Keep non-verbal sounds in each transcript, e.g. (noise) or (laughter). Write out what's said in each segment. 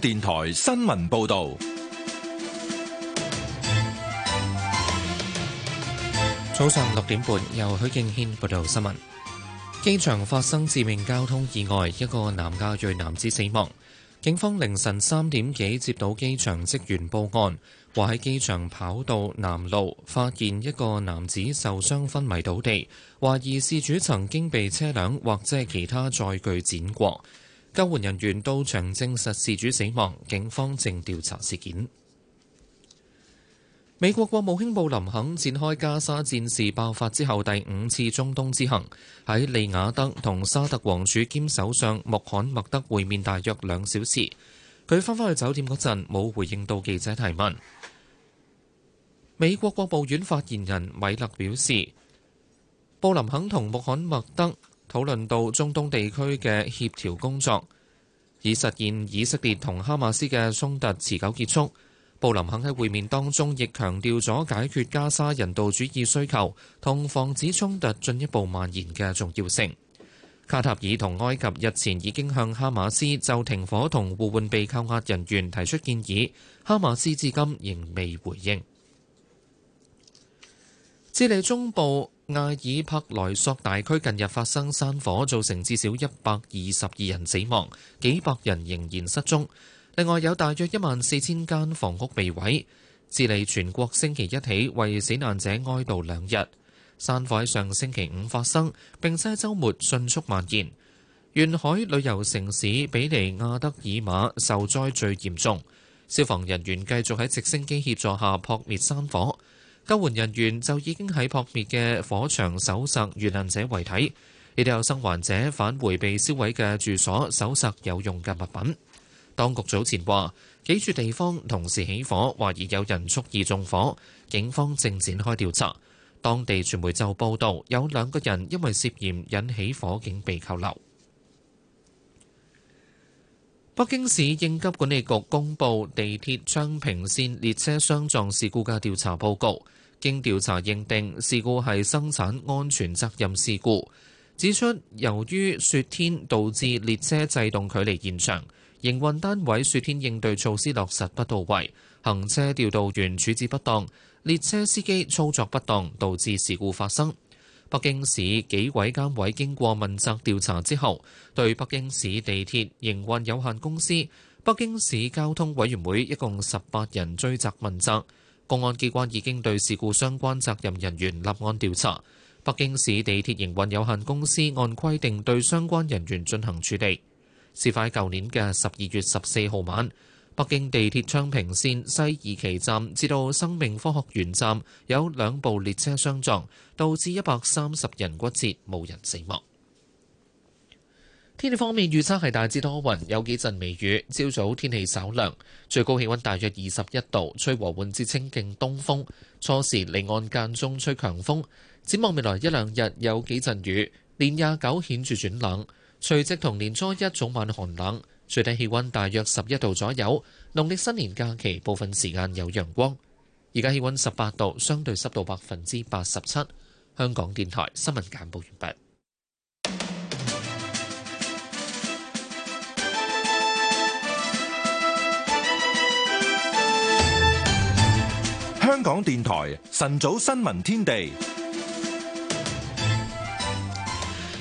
電台新聞報道：早上六點半，由許敬軒報道新聞。機場發生致命交通意外，一個南亞裔男子死亡。警方凌晨三點幾接到機場職員報案，話喺機場跑道南路發現一個男子受傷昏迷倒地，懷疑事主曾經被車輛或者其他載具剪過。救援人員到場證實事主死亡，警方正調查事件。美國國務卿布林肯展開加沙戰事爆發之後第五次中東之行，喺利雅得同沙特王儲兼首相穆罕默德會面大約兩小時。佢翻返去酒店嗰陣，冇回應到記者提問。美國國務院發言人米勒表示，布林肯同穆罕默德。討論到中東地區嘅協調工作，以實現以色列同哈馬斯嘅衝突持久結束。布林肯喺會面當中亦強調咗解決加沙人道主義需求同防止衝突進一步蔓延嘅重要性。卡塔爾同埃及日前已經向哈馬斯就停火同互換被扣押人員提出建議，哈馬斯至今仍未回應。智利中部。艾爾帕萊索大區近日發生山火，造成至少一百二十二人死亡，幾百人仍然失蹤。另外，有大約一萬四千間房屋被毀。智利全國星期一起為死難者哀悼兩日。山火喺上星期五發生，並且周末迅速蔓延。沿海旅遊城市比利亞德爾馬受災最嚴重。消防人員繼續喺直升機協助下撲滅山火。救援人員就已經喺撲滅嘅火場搜尋遇難者遺體，亦都有生還者返回被燒毀嘅住所搜尋有用嘅物品。當局早前話，幾處地方同時起火，懷疑有人蓄意縱火，警方正展開調查。當地傳媒就報道，有兩個人因為涉嫌引起火警被扣留。北京市應急管理局公佈地鐵昌平線列車相撞事故嘅調查報告，經調查認定事故係生產安全責任事故，指出由於雪天導致列車制動距離延長，營運單位雪天應對措施落實不到位，行車調度員處置不當，列車司機操作不當，導致事故發生。北京市紀委監委經過問責調查之後，對北京市地鐵營運有限公司、北京市交通委員會一共十八人追責問責。公安機關已經對事故相關責任人員立案調查。北京市地鐵營運有限公司按規定對相關人員進行處理。事發喺舊年嘅十二月十四號晚。北京地鐵昌平線西二旗站至到生命科學園站有兩部列車相撞，導致一百三十人骨折，無人死亡。天氣方面預測係大致多雲，有幾陣微雨。朝早天氣稍涼，最高氣溫大約二十一度，吹和緩至清勁東風，初時離岸間中吹強風，展望未來一兩日有幾陣雨，年廿九顯著轉冷。除夕同年初一早晚寒冷。最低氣溫大約十一度左右。農曆新年假期部分時間有陽光。而家氣溫十八度，相對濕度百分之八十七。香港電台新聞簡報完畢。香港電台晨早新聞天地。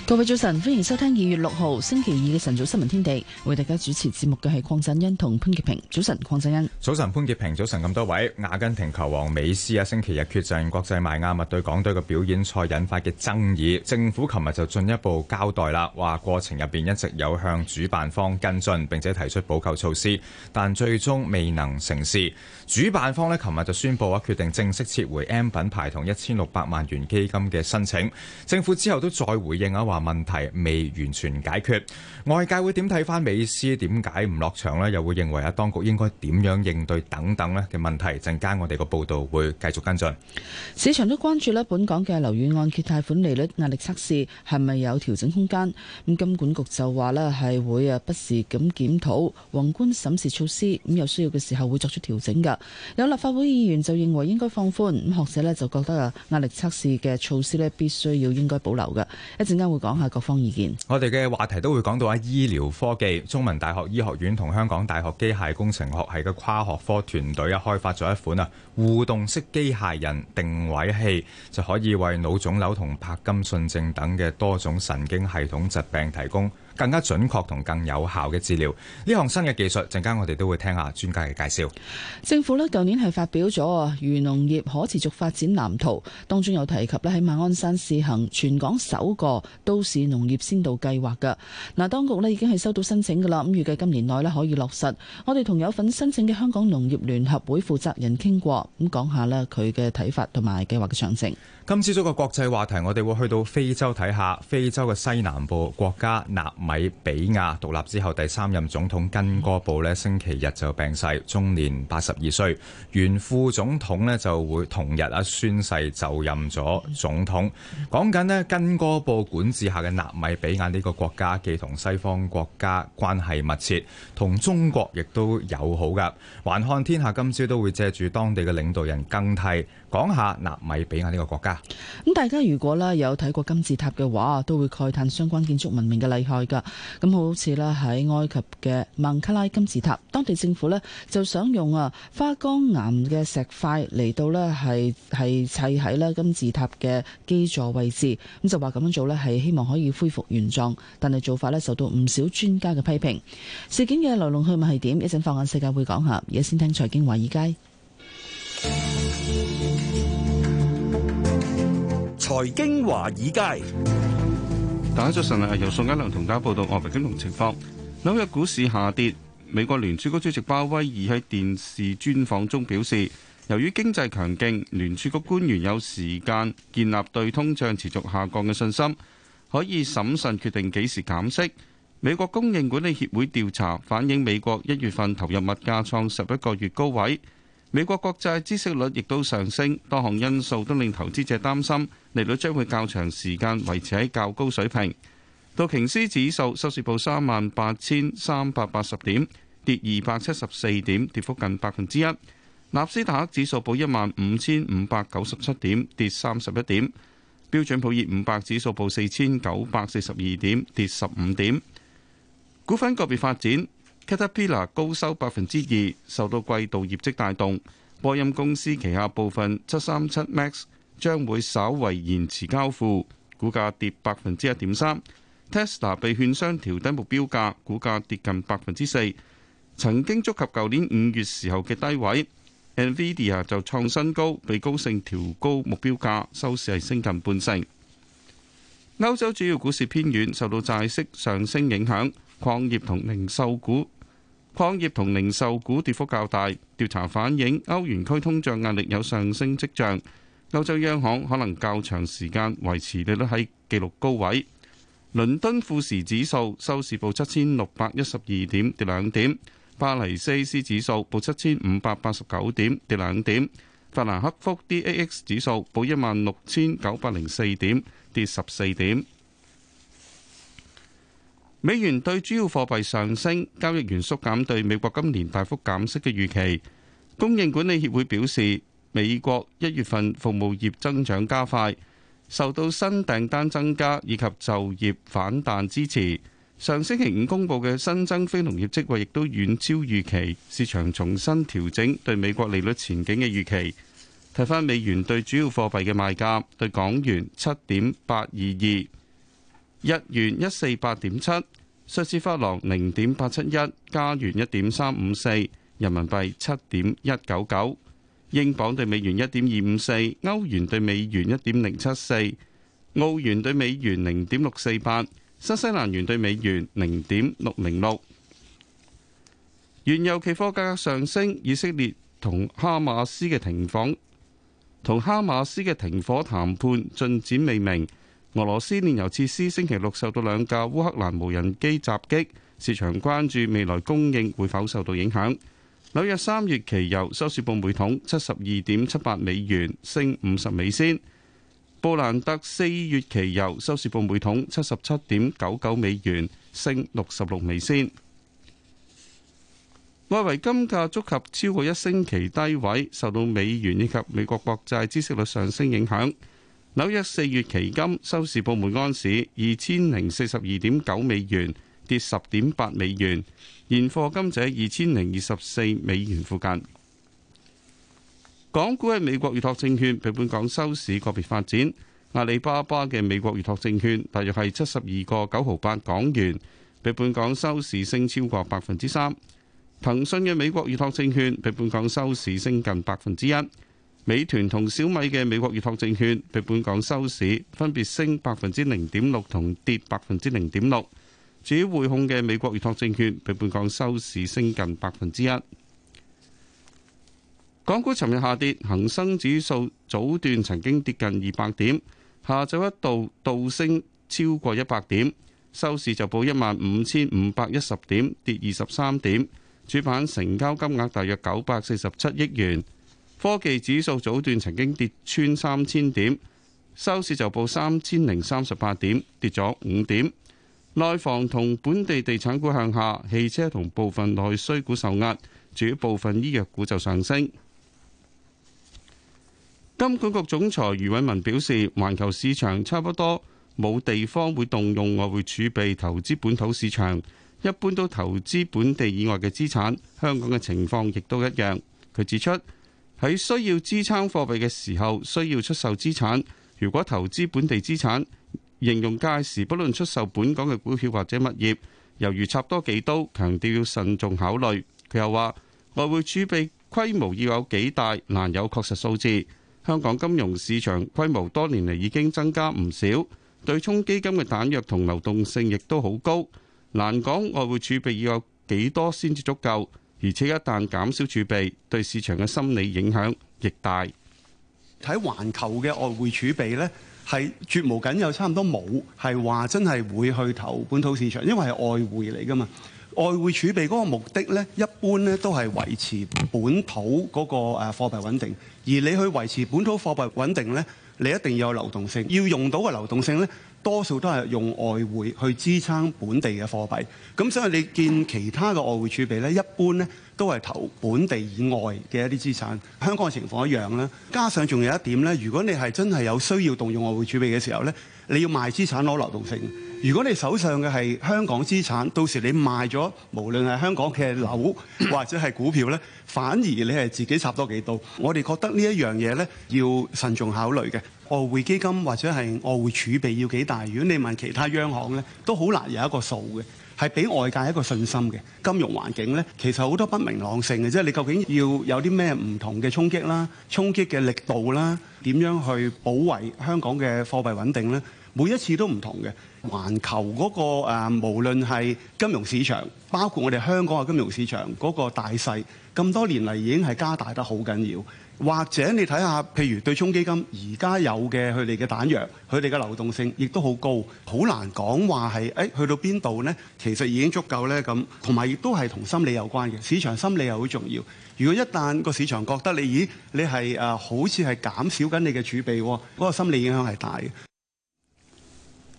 各位早晨，歡迎收聽二月六號星期二嘅晨早新聞天地，為大家主持節目嘅係鄺振恩同潘潔平。早晨，鄺振恩早。早晨，潘潔平。早晨，咁多位。阿根廷球王美斯啊，星期日缺陣國際邁阿密對港隊嘅表演賽引發嘅爭議，政府琴日就進一步交代啦，話過程入邊一直有向主辦方跟進，並且提出補救措施，但最終未能成事。主辦方呢，琴日就宣布啊，決定正式撤回 M 品牌同一千六百萬元基金嘅申請。政府之後都再回應啊，話問題未完全解決。外界會點睇返美斯點解唔落場呢？又會認為啊，當局應該點樣應對等等呢嘅問題。陣間我哋個報導會繼續跟進。市場都關注呢，本港嘅樓宇按揭貸款利率壓力測試係咪有調整空間？咁金管局就話呢，係會啊不時咁檢討宏觀審視措施，咁有需要嘅時候會作出調整㗎。有立法會議員就認為應該放寬，咁學者咧就覺得壓力測試嘅措施咧必須要應該保留嘅。一陣間會講下各方意見。我哋嘅話題都會講到啊，醫療科技。中文大學醫學院同香港大學機械工程學系嘅跨學科團隊啊，開發咗一款啊互動式機械人定位器，就可以為腦腫瘤同帕金遜症等嘅多種神經系統疾病提供更加準確同更有效嘅治療，呢項新嘅技術，陣間我哋都會聽下專家嘅介紹。政府呢舊年係發表咗啊，漁農業可持續發展藍圖當中，有提及呢喺馬鞍山試行全港首個都市農業先導計劃嘅。嗱，當局呢已經係收到申請噶啦，咁預計今年內呢可以落實。我哋同有份申請嘅香港農業聯合會負責人傾過，咁講下呢佢嘅睇法同埋計劃嘅詳情。今朝早嘅國際話題，我哋會去到非洲睇下非洲嘅西南部國家納米比亞獨立之後，第三任總統根哥布呢星期日就病逝，終年八十二歲。原副總統呢就會同日啊宣誓就任咗總統。講緊呢根哥布管治下嘅納米比亞呢個國家既同西方國家關係密切，同中國亦都友好噶。環看天下今朝都會借住當地嘅領導人更替。講下納米比亞呢個國家咁，大家如果呢有睇過金字塔嘅話，都會慨嘆相關建築文明嘅厲害噶。咁好似呢喺埃及嘅孟卡拉金字塔，當地政府呢就想用啊花崗岩嘅石塊嚟到呢係係砌喺呢金字塔嘅基座位置，咁就話咁樣做呢係希望可以恢復原狀，但係做法呢受到唔少專家嘅批評。事件嘅來龍去脈係點？一陣放眼世界會講下，而家先聽財經華爾街。財經華爾街，大家早晨啊！由宋嘉良同大家報道外圍金融情況。紐約股市下跌。美國聯儲局主席鮑威爾喺電視專訪中表示，由於經濟強勁，聯儲局官員有時間建立對通脹持續下降嘅信心，可以審慎決定幾時減息。美國供應管理協會調查反映，美國一月份投入物價創十一個月高位。美國國債孳息率亦都上升，多項因素都令投資者擔心，利率將會較長時間維持喺較高水平。道瓊斯指數收市報三萬八千三百八十點，跌二百七十四點，跌幅近百分之一。納斯達克指數報一萬五千五百九十七點，跌三十一點。標準普爾五百指數報四千九百四十二點，跌十五點。股份個別發展。Caterpillar 高收百分之二，受到季度業績帶動。波音公司旗下部分七三七 Max 將會稍為延遲交付，股價跌百分之一點三。Tesla 被券商調低目標價，股價跌近百分之四，曾經觸及舊年五月時候嘅低位。Nvidia 就創新高，被高盛調高目標價，收市係升近半成。歐洲主要股市偏軟，受到債息上升影響。礦業同零售股，礦業同零售股跌幅較大。調查反映歐元區通脹壓力有上升跡象，歐洲央行可能較長時間維持利率喺紀錄高位。倫敦富時指數收市報七千六百一十二點，跌兩點；巴黎 CAC 指數報七千五百八十九點，跌兩點；法蘭克福 DAX 指數報一萬六千九百零四點，跌十四點。美元對主要貨幣上升，交易員縮減對美國今年大幅減息嘅預期。供應管理協會表示，美國一月份服務業增長加快，受到新訂單增加以及就業反彈支持。上星期五公佈嘅新增非農業職位亦都遠超預期，市場重新調整對美國利率前景嘅預期。睇返美元對主要貨幣嘅賣價，對港元七點八二二。日元一四八點七，瑞士法郎零點八七一，加元一點三五四，人民幣七點一九九，英鎊對美元一點二五四，歐元對美元一點零七四，澳元對美元零點六四八，新西蘭元對美元零點六零六。原油期貨價格上升，以色列同哈馬斯嘅停訪，同哈馬斯嘅停火談判進展未明。俄羅斯煉油設施星期六受到兩架烏克蘭無人機襲擊，市場關注未來供應會否受到影響。紐約三月期油收市報每桶七十二點七八美元，升五十美仙；布蘭特四月期油收市報每桶七十七點九九美元，升六十六美仙。外圍金價觸及超過一星期低位，受到美元以及美國國債孳息率上升影響。紐約四月期金收市報每安市二千零四十二點九美元，跌十點八美元，現貨金則二千零二十四美元附近。港股喺美國預託證券比本港收市個別發展，阿里巴巴嘅美國預託證券大約係七十二個九毫八港元，比本港收市升超過百分之三。騰訊嘅美國預託證券比本港收市升近百分之一。美團同小米嘅美國預託證券被本港收市分別升百分之零點六同跌百分之零點六。至於匯控嘅美國預託證券被本港收市升近百分之一。港股尋日下跌，恒生指數早段曾經跌近二百點，下晝一度倒升超過一百點，收市就報一萬五千五百一十點，跌二十三點。主板成交金額大約九百四十七億元。科技指數早段曾經跌穿三千點，收市就報三千零三十八點，跌咗五點。內房同本地地產股向下，汽車同部分內需股受壓，至於部分醫藥股就上升。金管局總裁余偉文表示，環球市場差不多冇地方會動用外匯儲備投資本土市場，一般都投資本地以外嘅資產。香港嘅情況亦都一樣，佢指出。喺需要支撐貨幣嘅時候，需要出售資產。如果投資本地資產，形容屆時不論出售本港嘅股票或者物業，猶如插多幾刀，強調要慎重考慮。佢又話，外匯儲備規模要有幾大，難有確實數字。香港金融市場規模多年嚟已經增加唔少，對沖基金嘅彈藥同流動性亦都好高，難講外匯儲備要有幾多先至足夠。而且一旦減少儲備，對市場嘅心理影響亦大。睇環球嘅外匯儲備咧，係絕無僅有，差唔多冇係話真係會去投本土市場，因為係外匯嚟噶嘛。外匯儲備嗰個目的咧，一般咧都係維持本土嗰個誒貨幣穩定。而你去維持本土貨幣穩定咧，你一定要有流動性，要用到嘅流動性咧。多數都係用外匯去支撐本地嘅貨幣，咁所以你見其他嘅外匯儲備呢，一般呢都係投本地以外嘅一啲資產。香港嘅情況一樣啦，加上仲有一點呢，如果你係真係有需要動用外匯儲備嘅時候呢，你要賣資產攞流動性。如果你手上嘅係香港資產，到時你賣咗，無論係香港嘅樓或者係股票呢，反而你係自己插多幾度。我哋覺得呢一樣嘢呢，要慎重考慮嘅。外匯基金或者係外匯儲備要幾大？如果你問其他央行咧，都好難有一個數嘅，係俾外界一個信心嘅。金融環境咧，其實好多不明朗性嘅，即係你究竟要有啲咩唔同嘅衝擊啦、衝擊嘅力度啦、點樣去保衞香港嘅貨幣穩定咧？每一次都唔同嘅。環球嗰個誒，無論係金融市場，包括我哋香港嘅金融市場嗰個大勢，咁多年嚟已經係加大得好緊要。或者你睇下，譬如對沖基金而家有嘅佢哋嘅彈藥，佢哋嘅流動性亦都好高，好難講話係誒去到邊度呢？其實已經足夠呢。咁，同埋亦都係同心理有關嘅，市場心理又好重要。如果一旦個市場覺得你，咦，你係誒好似係減少緊你嘅儲備，嗰個心理影響係大嘅。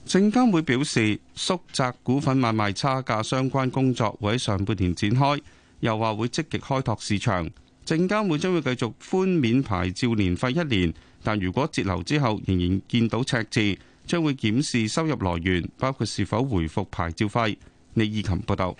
證監會表示，縮窄股份買賣差價相關工作會喺上半年展開，又話會積極開拓市場。證監會將會繼續寬免牌照年費一年，但如果截留之後仍然見到赤字，將會檢視收入來源，包括是否回復牌照費。李意琴報道。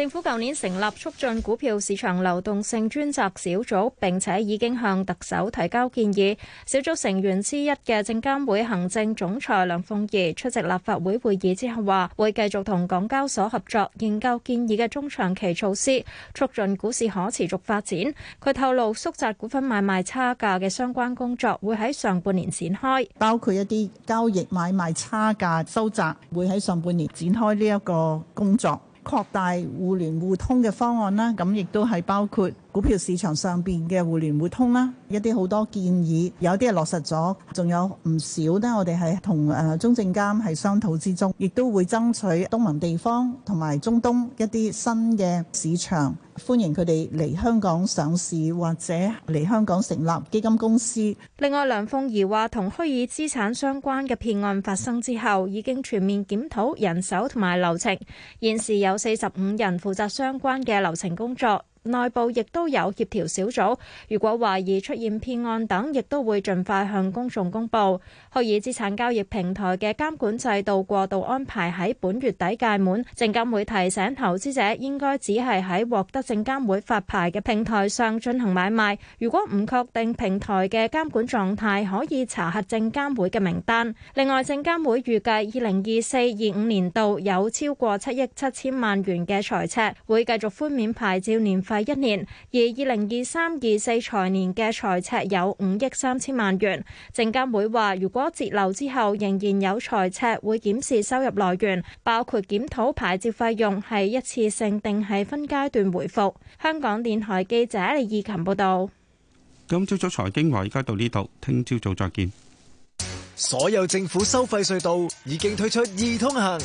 政府舊年成立促進股票市場流動性專責小組，並且已經向特首提交建議。小組成員之一嘅證監會行政總裁梁鳳儀出席立法會會議之後，話會繼續同港交所合作，研究建議嘅中長期措施，促進股市可持續發展。佢透露，縮窄股份買賣差價嘅相關工作會喺上半年展開，包括一啲交易買賣差價收窄，會喺上半年展開呢一個工作。擴大互聯互通嘅方案啦，咁亦都係包括。股票市場上邊嘅互聯互通啦，一啲好多建議，有啲係落實咗，仲有唔少咧。我哋係同誒中證監係商討之中，亦都會爭取東盟地方同埋中東一啲新嘅市場，歡迎佢哋嚟香港上市或者嚟香港成立基金公司。另外，梁鳳儀話，同虛擬資產相關嘅騙案發生之後，已經全面檢討人手同埋流程，現時有四十五人負責相關嘅流程工作。內部亦都有協調小組，如果懷疑出現騙案等，亦都會盡快向公眾公佈。虛擬資產交易平台嘅監管制度過渡安排喺本月底屆滿，證監會提醒投資者應該只係喺獲得證監會發牌嘅平台上進行買賣。如果唔確定平台嘅監管狀態，可以查核證監會嘅名單。另外，證監會預計二零二四、二五年度有超過七億七千萬元嘅財赤，會繼續寬免牌照年快一年，而二零二三二四財年嘅財赤有五億三千萬元。證監會話，如果截留之後仍然有財赤，會檢視收入來源，包括檢討牌照費用係一次性定係分階段回復。香港電台記者李義勤報道。今朝早財經話，而家到呢度，聽朝早再見。所有政府收費隧道已經推出易通行，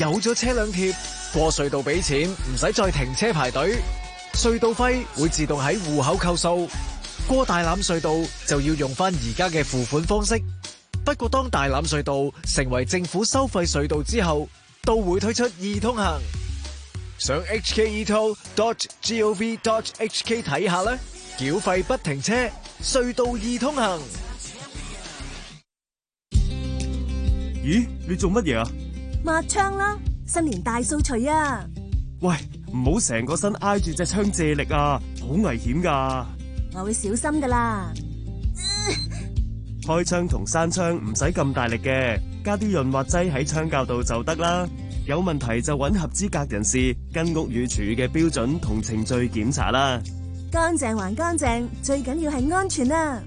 有咗車輛貼過隧道俾錢，唔使再停車排隊。隧道費會自動喺戶口扣數，過大欖隧道就要用返而家嘅付款方式。不過當大欖隧道成為政府收費隧道之後，都會推出易通行。上 HKETO.GOV.HK 睇下啦，繳費不停車，隧道易通行。咦，你做乜嘢啊？抹窗啦，新年大掃除啊！喂。唔好成個身挨住隻窗借力啊，好危險噶，啊！我會小心噶啦。 (laughs) 開窗同閂窗唔使咁大力嘅，加啲潤滑劑喺窗鉸度就得啦。有問題就搵合資格人士，跟屋宇署嘅標準同程序檢查啦。乾淨還乾淨，最緊要係安全啦，啊。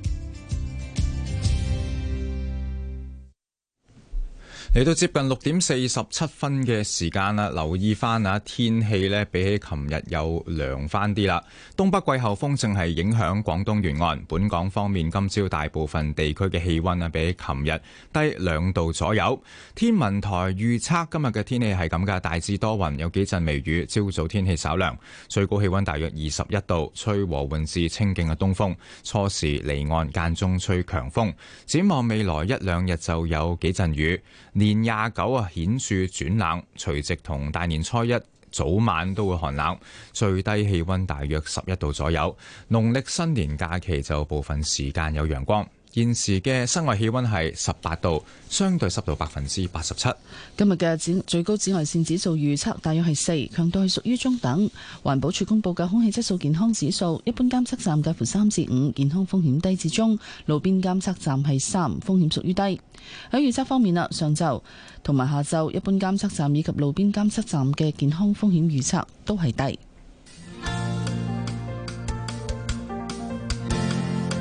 嚟到接近六點四十七分嘅時間啦，留意翻啊，天氣呢，比起琴日又涼翻啲啦。東北季候風正係影響廣東沿岸，本港方面今朝大部分地區嘅氣溫啊，比起琴日低兩度左右。天文台預測今日嘅天氣係咁噶，大致多雲，有幾陣微雨，朝早天氣稍涼，最高氣溫大約二十一度，吹和緩至清勁嘅東風，初時離岸間中吹強風，展望未來一兩日就有幾陣雨。年廿九啊，顯著轉冷，除夕同大年初一早晚都會寒冷，最低氣溫大約十一度左右。農曆新年假期就部分時間有陽光。現時嘅室外氣溫係十八度，相對濕度百分之八十七。今日嘅最高紫外線指數預測大約係四，強度係屬於中等。環保署公布嘅空氣質素健康指數，一般監測站介乎三至五，健康風險低至中；路邊監測站係三，風險屬於低。喺預測方面啦，上晝同埋下晝，一般監測站以及路邊監測站嘅健康風險預測都係低。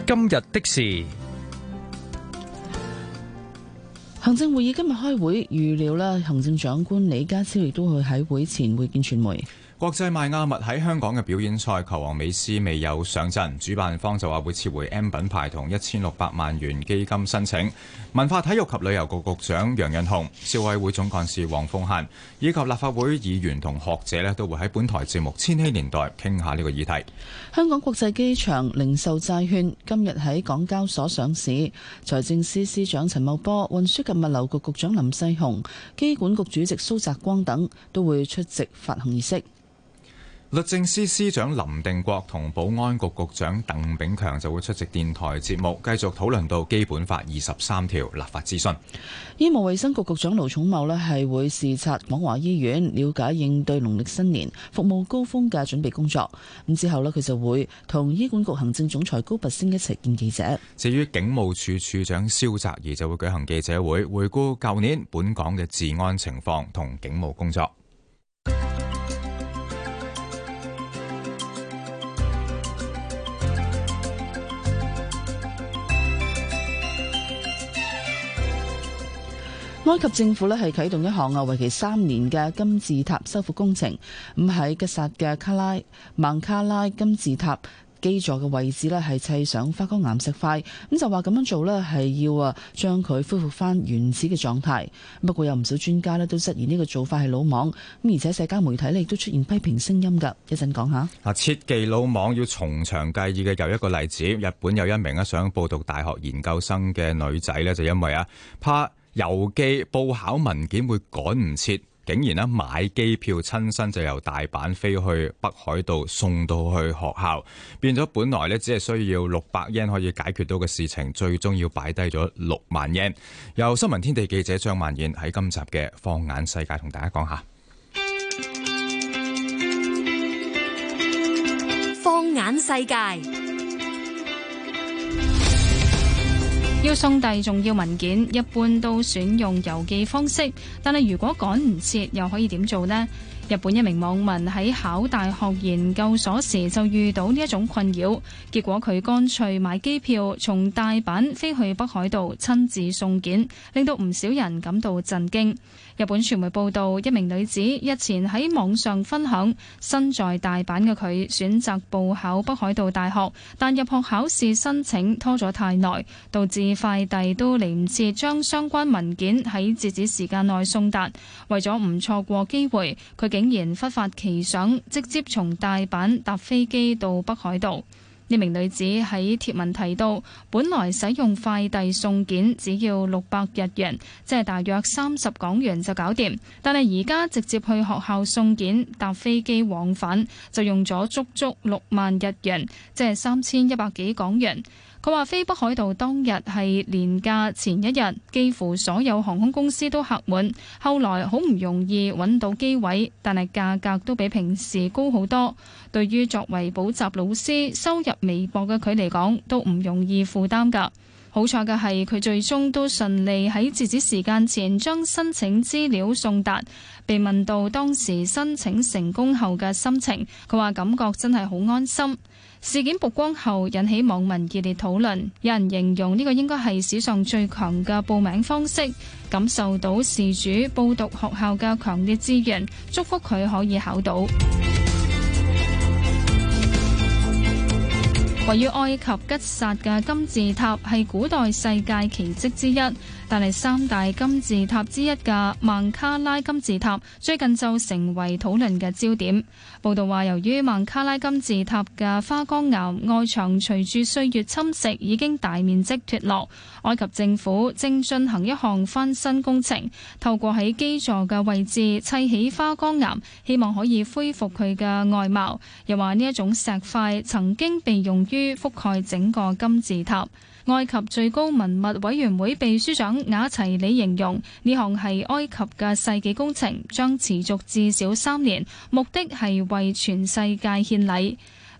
今日的事。行政會議今日開會，預料啦，行政長官李家超亦都會喺會前會見傳媒。國際邁阿密喺香港嘅表演賽，球王美斯未有上陣，主辦方就話會撤回 M 品牌同一千六百萬元基金申請。文化體育及旅遊局局長楊潤雄、消委會總幹事黃鳳嫻以及立法會議員同學者咧，都會喺本台節目《千禧年代》傾下呢個議題。香港國際機場零售債券今日喺港交所上市，財政司司長陳茂波、運輸及物流局局長林世雄、機管局主席蘇澤光等都會出席發行儀式。律政司司長林定國同保安局局長鄧炳強就會出席電台節目，繼續討論到《基本法》二十三條立法諮詢。醫務衛生局局長盧寵茂咧係會視察廣華醫院，了解應對農曆新年服務高峰嘅準備工作。咁之後咧，佢就會同醫管局行政總裁高拔升一齊見記者。至於警務處處長蕭澤頤就會舉行記者會，回顧舊年本港嘅治安情況同警務工作。埃及政府咧係啟動一項啊為期三年嘅金字塔修復工程，咁喺吉薩嘅卡拉曼卡拉金字塔基座嘅位置咧係砌上花崗岩石塊，咁就話咁樣做咧係要啊將佢恢復翻原始嘅狀態。不過有唔少專家咧都質疑呢個做法係魯莽，咁而且社交媒體咧亦都出現批評聲音噶。講一陣講下，啊切忌魯莽要從長計議嘅。又一個例子，日本有一名啊想報讀大學研究生嘅女仔呢就因為啊怕。郵寄報考文件會趕唔切，竟然咧買機票親身就由大阪飛去北海道送到去學校，變咗本來咧只係需要六百日圓可以解決到嘅事情，最終要擺低咗六萬日圓。由新聞天地記者張曼燕喺今集嘅《放眼世界》同大家講下《放眼世界》。要送遞重要文件，一般都選用郵寄方式，但係如果趕唔切，又可以點做呢？日本一名網民喺考大學研究所時就遇到呢一種困擾，結果佢乾脆買機票，從大阪飛去北海道親自送件，令到唔少人感到震驚。日本傳媒報導，一名女子日前喺網上分享，身在大阪嘅佢選擇報考北海道大學，但入學考試申請拖咗太耐，導致快遞都嚟唔切將相關文件喺截止時間內送達。為咗唔錯過機會，佢竟然忽發奇想，直接從大阪搭飛機到北海道。呢名女子喺帖文提到，本來使用快遞送件只要六百日元，即係大約三十港元就搞掂，但係而家直接去學校送件，搭飛機往返，就用咗足足六萬日元，即係三千一百幾港元。佢話飛北海道當日係年假前一日，幾乎所有航空公司都客滿，後來好唔容易揾到機位，但係價格都比平時高好多。對於作為補習老師收入微薄嘅佢嚟講都唔容易負擔㗎，好彩嘅係佢最終都順利喺截止時間前將申請資料送達。被問到當時申請成功後嘅心情，佢話感覺真係好安心。事件曝光後，引起網民熱烈討論。有人形容呢個應該係史上最強嘅報名方式，感受到事主報讀學校嘅強烈資源，祝福佢可以考到。 (music) 位於埃及吉薩嘅金字塔係古代世界奇蹟之一。但係三大金字塔之一嘅孟卡拉金字塔最近就成為討論嘅焦點。報道話，由於孟卡拉金字塔嘅花崗岩外牆隨住歲月侵蝕已經大面積脫落，埃及政府正進行一項翻新工程，透過喺基座嘅位置砌起花崗岩，希望可以恢復佢嘅外貌。又話呢一種石塊曾經被用於覆蓋整個金字塔。埃及最高文物委員會秘書長，雅齊里形容呢項係埃及嘅世紀工程，將持續至少三年，目的係為全世界獻禮。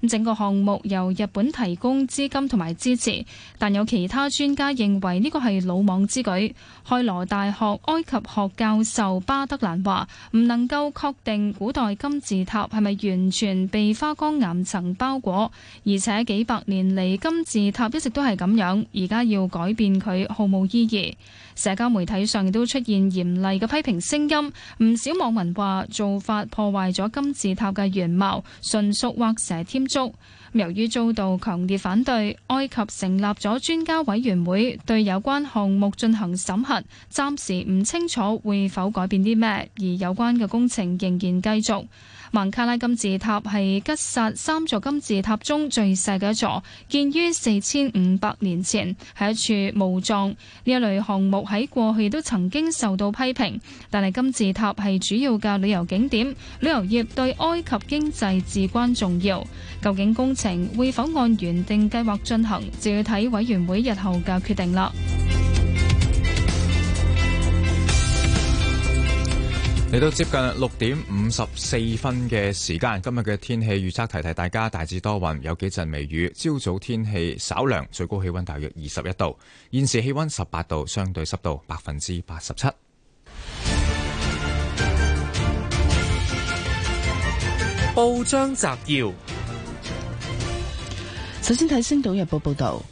整個項目由日本提供資金同埋支持，但有其他專家認為呢個係魯莽之舉。開羅大學埃及學教授巴德蘭話：唔能夠確定古代金字塔係咪完全被花崗岩層包裹，而且幾百年嚟金字塔一直都係咁樣，而家要改變佢毫無意義。社交媒體上亦都出現嚴厲嘅批評聲音，唔少網民話做法破壞咗金字塔嘅原貌，迅速畫蛇添足。由於遭到強烈反對，埃及成立咗專家委員會對有關項目進行審核，暫時唔清楚會否改變啲咩，而有關嘅工程仍然繼續。曼卡拉金字塔係吉薩三座金字塔中最細嘅一座，建於四千五百年前，係一處墓葬。呢一類項目喺過去都曾經受到批評，但係金字塔係主要嘅旅遊景點，旅遊業對埃及經濟至關重要。究竟工程會否按原定計劃進行，就要睇委員會日後嘅決定啦。嚟到接近六點五十四分嘅時間，今日嘅天氣預測提提大家，大致多雲，有幾陣微雨。朝早天氣稍涼，最高氣溫大約二十一度，現時氣溫十八度，相對濕度百分之八十七。報章摘要，首先睇《星島日報》報道。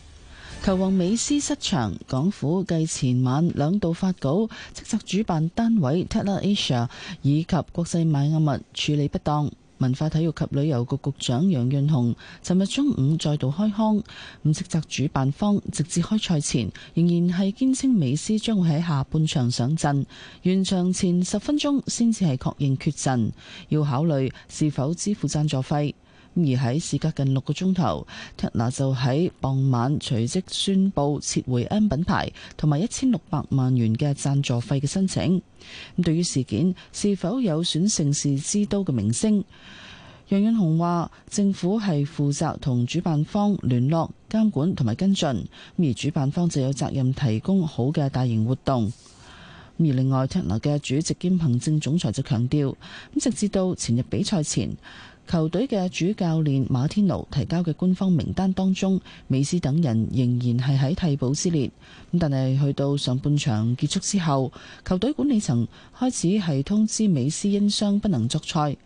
球王美斯失場，港府繼前晚兩度發稿，斥責主辦單位 Tatler Asia 以及國際邁阿密處理不當。文化體育及旅遊局局長楊潤雄尋日中午再度開腔，唔斥責主辦方，直至開賽前仍然係堅稱美斯將會喺下半場上陣，完場前十分鐘先至係確認缺陣，要考慮是否支付贊助費。而喺事隔近六個鐘頭，特 a 就喺傍晚隨即宣布撤回 M 品牌同埋一千六百萬元嘅贊助費嘅申請。咁對於事件是否有損城市之都嘅名聲，楊潤雄話：政府係負責同主辦方聯絡監管同埋跟進，而主辦方就有責任提供好嘅大型活動。而另外，t 特 a 嘅主席兼行政總裁就強調：咁直至到前日比賽前。球隊嘅主教練馬天奴提交嘅官方名單當中，美斯等人仍然係喺替補之列。咁但係去到上半場結束之後，球隊管理層開始係通知美斯因傷不能作賽。咁、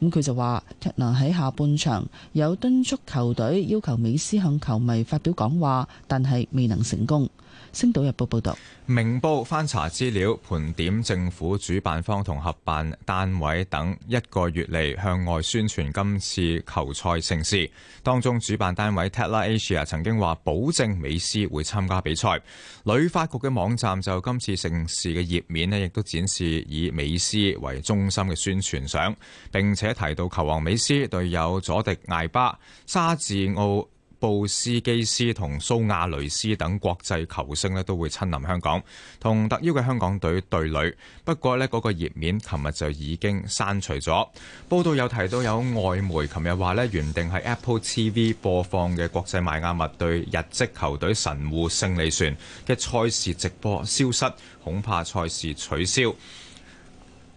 嗯、佢就話：納喺下半場有敦促球隊要求美斯向球迷發表講話，但係未能成功。星島日報報道，明報翻查資料，盤點政府主辦方同合辦單位等一個月嚟向外宣傳今次球賽盛事。當中主辦單位 Tatler Asia 曾經話保證美斯會參加比賽。旅發局嘅網站就今次盛事嘅頁面咧，亦都展示以美斯為中心嘅宣傳相，並且提到球王美斯隊友佐迪艾巴沙治奧。布斯基斯同蘇亞雷斯等國際球星呢都會親臨香港同特邀嘅香港隊對壘，不過呢嗰個頁面琴日就已經刪除咗。報道有提到有外媒琴日話呢，原定喺 Apple TV 播放嘅國際邁阿密對日籍球隊神戶勝利船嘅賽事直播消失，恐怕賽事取消。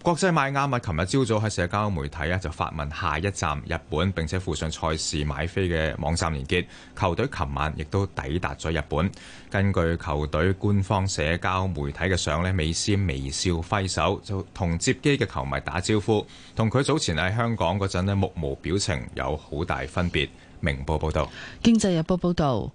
國際邁阿密，琴日朝早喺社交媒體咧就發問下一站日本，並且附上賽事買飛嘅網站連結。球隊琴晚亦都抵達咗日本。根據球隊官方社交媒體嘅相咧，美斯微笑揮手，就同接機嘅球迷打招呼，同佢早前喺香港嗰陣目無表情有好大分別。明報報道。經濟日報報道。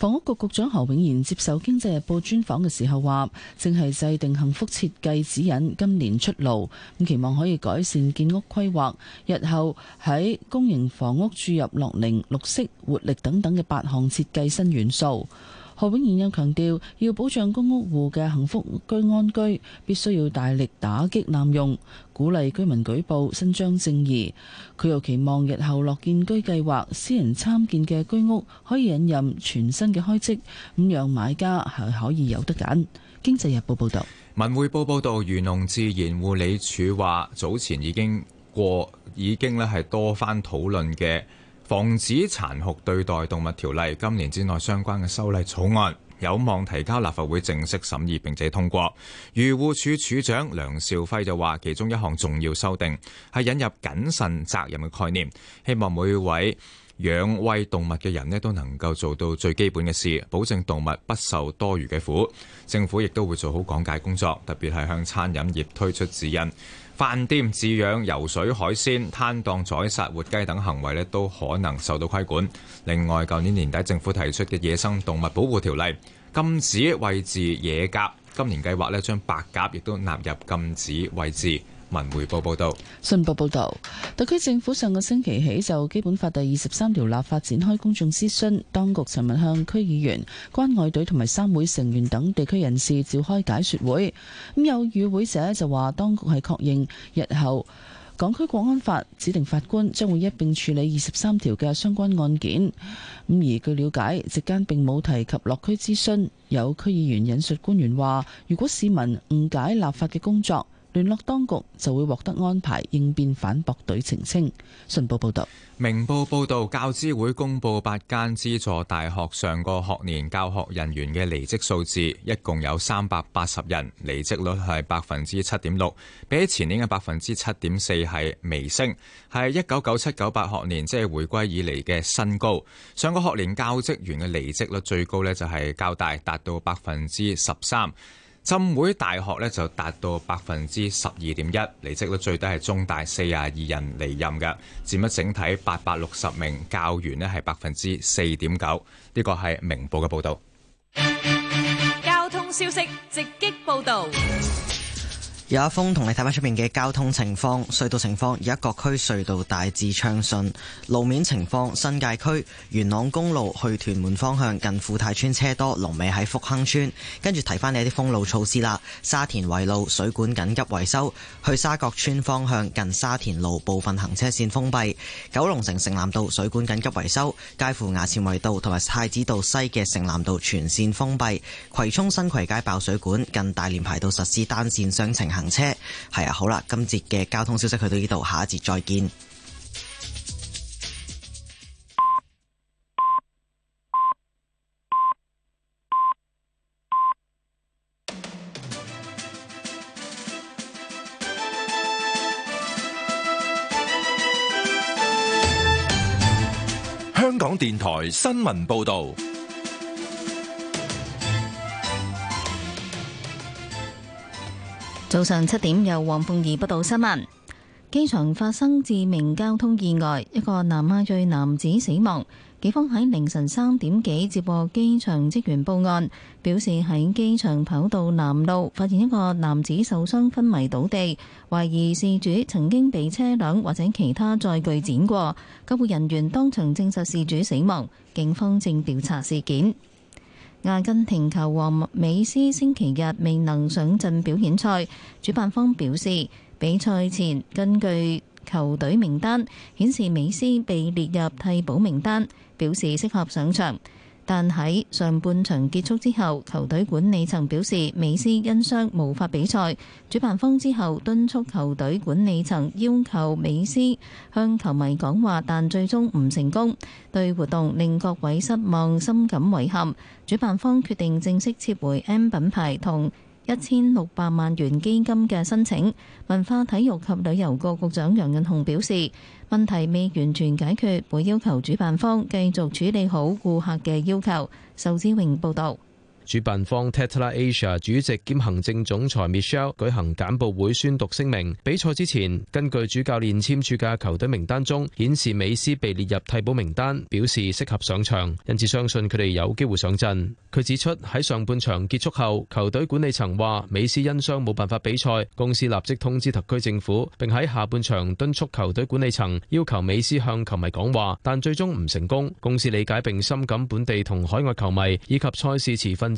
房屋局局長何永賢接受《經濟日報》專訪嘅時候話，正係制定幸福設計指引，今年出爐咁，期望可以改善建屋規劃，日後喺公營房屋注入樂齡、綠色、活力等等嘅八項設計新元素。何永賢又強調，要保障公屋戶嘅幸福居、安居，必須要大力打擊濫用，鼓勵居民舉報，伸張正義。佢又期望日後樂建居計劃，私人參建嘅居屋可以引任全新嘅開職，咁讓買家係可以有得揀。經濟日報報道，文匯報報道，漁農自然護理署話，早前已經過，已經咧係多番討論嘅。防止殘酷對待動物條例今年之內相關嘅修例草案有望提交立法會正式審議，並且通過。漁護署署長梁兆輝就話，其中一項重要修訂係引入謹慎責任嘅概念，希望每位養餵動物嘅人呢都能夠做到最基本嘅事，保證動物不受多餘嘅苦。政府亦都會做好講解工作，特別係向餐飲業推出指引。飯店飼養游水海鮮、攤檔宰殺活雞等行為咧，都可能受到規管。另外，舊年年底政府提出嘅野生動物保護條例，禁止餵飼野鴿。今年計劃咧，將白鴿亦都納入禁止餵飼。文匯報報道，信報報道，特區政府上個星期起就基本法第二十三條立法展開公眾諮詢，當局尋日向區議員、關愛隊同埋三會成員等地區人士召開解說會。咁、嗯、有與會者就話，當局係確認日後港區國安法指定法官將會一併處理二十三條嘅相關案件。咁、嗯、而據了解，席間並冇提及落區諮詢。有區議員引述官員話，如果市民誤解立法嘅工作，聯絡當局就會獲得安排應變反駁隊澄清。信報報導，明報報導，教資會公布八間資助大學上個學年教學人員嘅離職數字，一共有三百八十人，離職率係百分之七點六，比起前年嘅百分之七點四係微升，係一九九七九八學年即係、就是、回歸以嚟嘅新高。上個學年教職員嘅離職率最高呢，就係教大，達到百分之十三。浸會大學咧就達到百分之十二點一，離職率最低係中大四十二人離任嘅，佔咗整體八百六十名教員咧係百分之四點九，呢、這個係明報嘅報道。交通消息直擊報道。有一封同你睇翻出面嘅交通情況、隧道情況，而家各區隧道大致暢順。路面情況：新界區元朗公路去屯門方向近富泰村車多，龍尾喺福亨村。跟住提翻你一啲封路措施啦。沙田圍路水管緊急維修，去沙角村方向近沙田路部分行車線封閉。九龍城城南道水管緊急維修，介乎衙前圍道同埋太子道西嘅城南道全線封閉。葵涌新葵街爆水管，近大連排道實施單線雙程行。行車係啊。好啦，今節嘅交通消息去到呢度，下一節再見。香港電台新聞報道。早上七點，有黃鳳儀報道新聞：機場發生致命交通意外，一個南亞裔男子死亡。警方喺凌晨三點幾接獲機場職員報案，表示喺機場跑道南路發現一個男子受傷昏迷倒地，懷疑事主曾經被車輛或者其他載具剪過。救護人員當場證實事主死亡，警方正調查事件。阿根廷球王美斯星期日未能上陣表演賽，主辦方表示，比賽前根據球隊名單顯示，美斯被列入替補名單，表示適合上場。但喺上半場結束之後，球隊管理層表示美斯因傷無法比賽。主辦方之後敦促球隊管理層要求美斯向球迷講話，但最終唔成功。對活動令各位失望，深感遺憾。主辦方決定正式撤回 M 品牌同一千六百萬元基金嘅申請，文化體育及旅遊局局長楊潤雄表示，問題未完全解決，會要求主辦方繼續處理好顧客嘅要求。仇之榮報導。主辦方 Tatler Asia 主席兼行政總裁 Michelle 舉行簡報會，宣讀聲明。比賽之前，根據主教練簽署嘅球隊名單中顯示，美斯被列入替補名單，表示適合上場，因此相信佢哋有機會上陣。佢指出喺上半場結束後，球隊管理層話美斯因傷冇辦法比賽，公司立即通知特區政府，並喺下半場敦促球隊管理層，要求美斯向球迷講話，但最終唔成功。公司理解並深感本地同海外球迷以及賽事持份。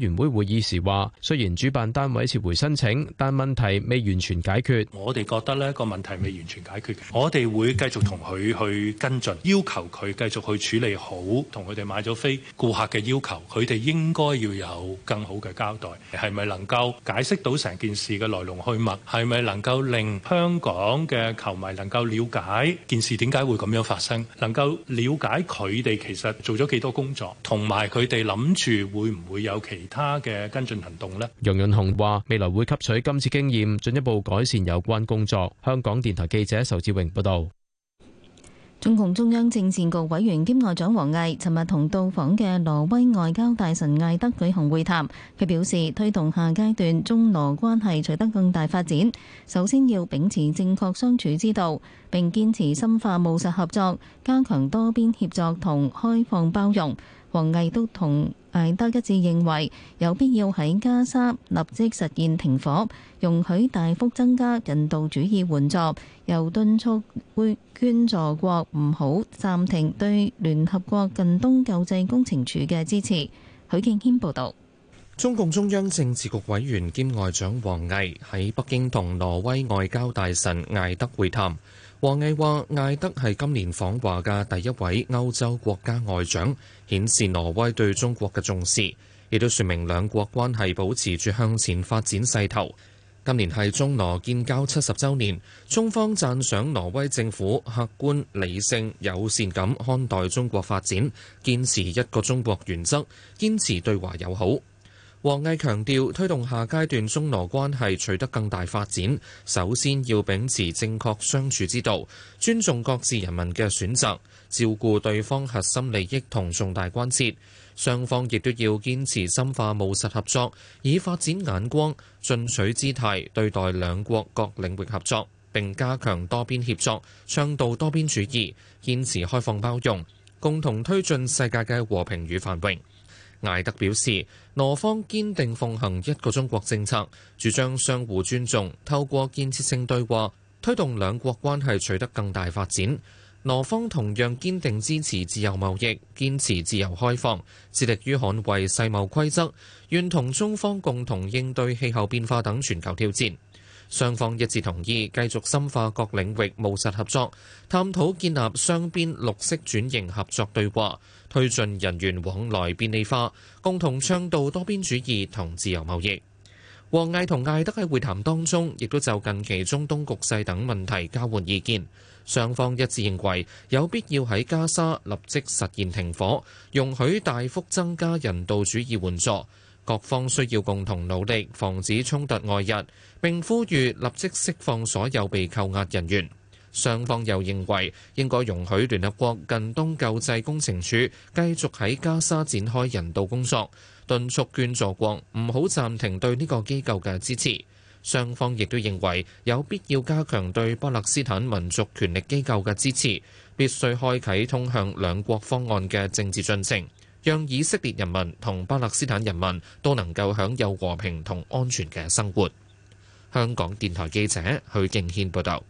員會會議時話，雖然主辦單位撤回申請，但問題未完全解決。我哋覺得呢個問題未完全解決，我哋會繼續同佢去跟進，要求佢繼續去處理好同佢哋買咗飛顧客嘅要求，佢哋應該要有更好嘅交代。係咪能夠解釋到成件事嘅來龍去脈？係咪能夠令香港嘅球迷能夠了解件事點解會咁樣發生？能夠了解佢哋其實做咗幾多工作，同埋佢哋諗住會唔會有其他嘅跟進行動呢？楊潤雄話：未來會吸取今次經驗，進一步改善有關工作。香港電台記者仇志榮報導。中共中央政治局委員兼外長王毅尋日同到訪嘅挪威外交大臣艾德舉行會談。佢表示，推動下階段中挪關係取得更大發展，首先要秉持正確相處之道，並堅持深化務實合作，加強多邊協作同開放包容。王毅都同艾德一致認為有必要喺加沙立即實現停火，容許大幅增加人道主義援助，又敦促會捐助國唔好暫停對聯合國近東救濟工程署嘅支持。許敬軒報道，中共中央政治局委員兼外長王毅喺北京同挪威外交大臣艾德會談。王毅話：艾德係今年訪華嘅第一位歐洲國家外長，顯示挪威對中國嘅重視，亦都說明兩國關係保持住向前發展勢頭。今年係中挪建交七十週年，中方讚賞挪威政府客觀、理性、友善咁看待中國發展，堅持一個中國原則，堅持對華友好。王毅強調，推動下階段中俄關係取得更大發展，首先要秉持正確相處之道，尊重各自人民嘅選擇，照顧對方核心利益同重大關切。雙方亦都要堅持深化務實合作，以發展眼光、進取姿態對待兩國各領域合作，並加強多邊協作，倡導多邊主義，堅持開放包容，共同推進世界嘅和平與繁榮。艾德表示，俄方堅定奉行一個中國政策，主張相互尊重，透過建設性對話推動兩國關係取得更大發展。俄方同樣堅定支持自由貿易，堅持自由開放，致力於捍衛世貿規則，願同中方共同應對氣候變化等全球挑戰，雙方一致同意繼續深化各領域務實合作，探討建立雙邊綠色轉型合作對話，推進人員往來便利化，共同倡導多邊主義同自由貿易。王毅同艾德喺會談當中亦都就近期中東局勢等問題交換意見。雙方一致認為有必要喺加沙立即實現停火，容許大幅增加人道主義援助。各方需要共同努力，防止衝突外溢，並呼籲立即釋放所有被扣押人員。雙方又認為應該容許聯合國近東救濟工程署繼續喺加沙展開人道工作，敦促捐助國唔好暫停對呢個機構嘅支持。雙方亦都認為有必要加強對巴勒斯坦民族權力機構嘅支持，必須開啟通向兩國方案嘅政治進程，讓以色列人民同巴勒斯坦人民都能夠享有和平同安全嘅生活。香港電台記者許敬軒報道。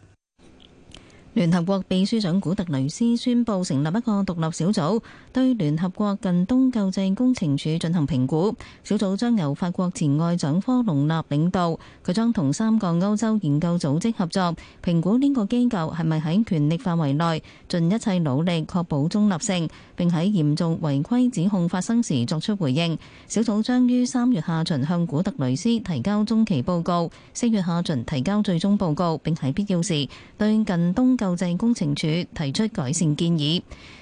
聯合國秘書長古特雷斯宣布成立一個獨立小組，對聯合國近東救濟工程署進行評估。小組將由法國前外長科隆納領導，佢將同三個歐洲研究組織合作，評估呢個機構係咪喺權力範圍內盡一切努力確保中立性。並喺嚴重違規指控發生時作出回應。小組將於三月下旬向古特雷斯提交中期報告，四月下旬提交最終報告，並喺必要時對近東救濟工程署提出改善建議。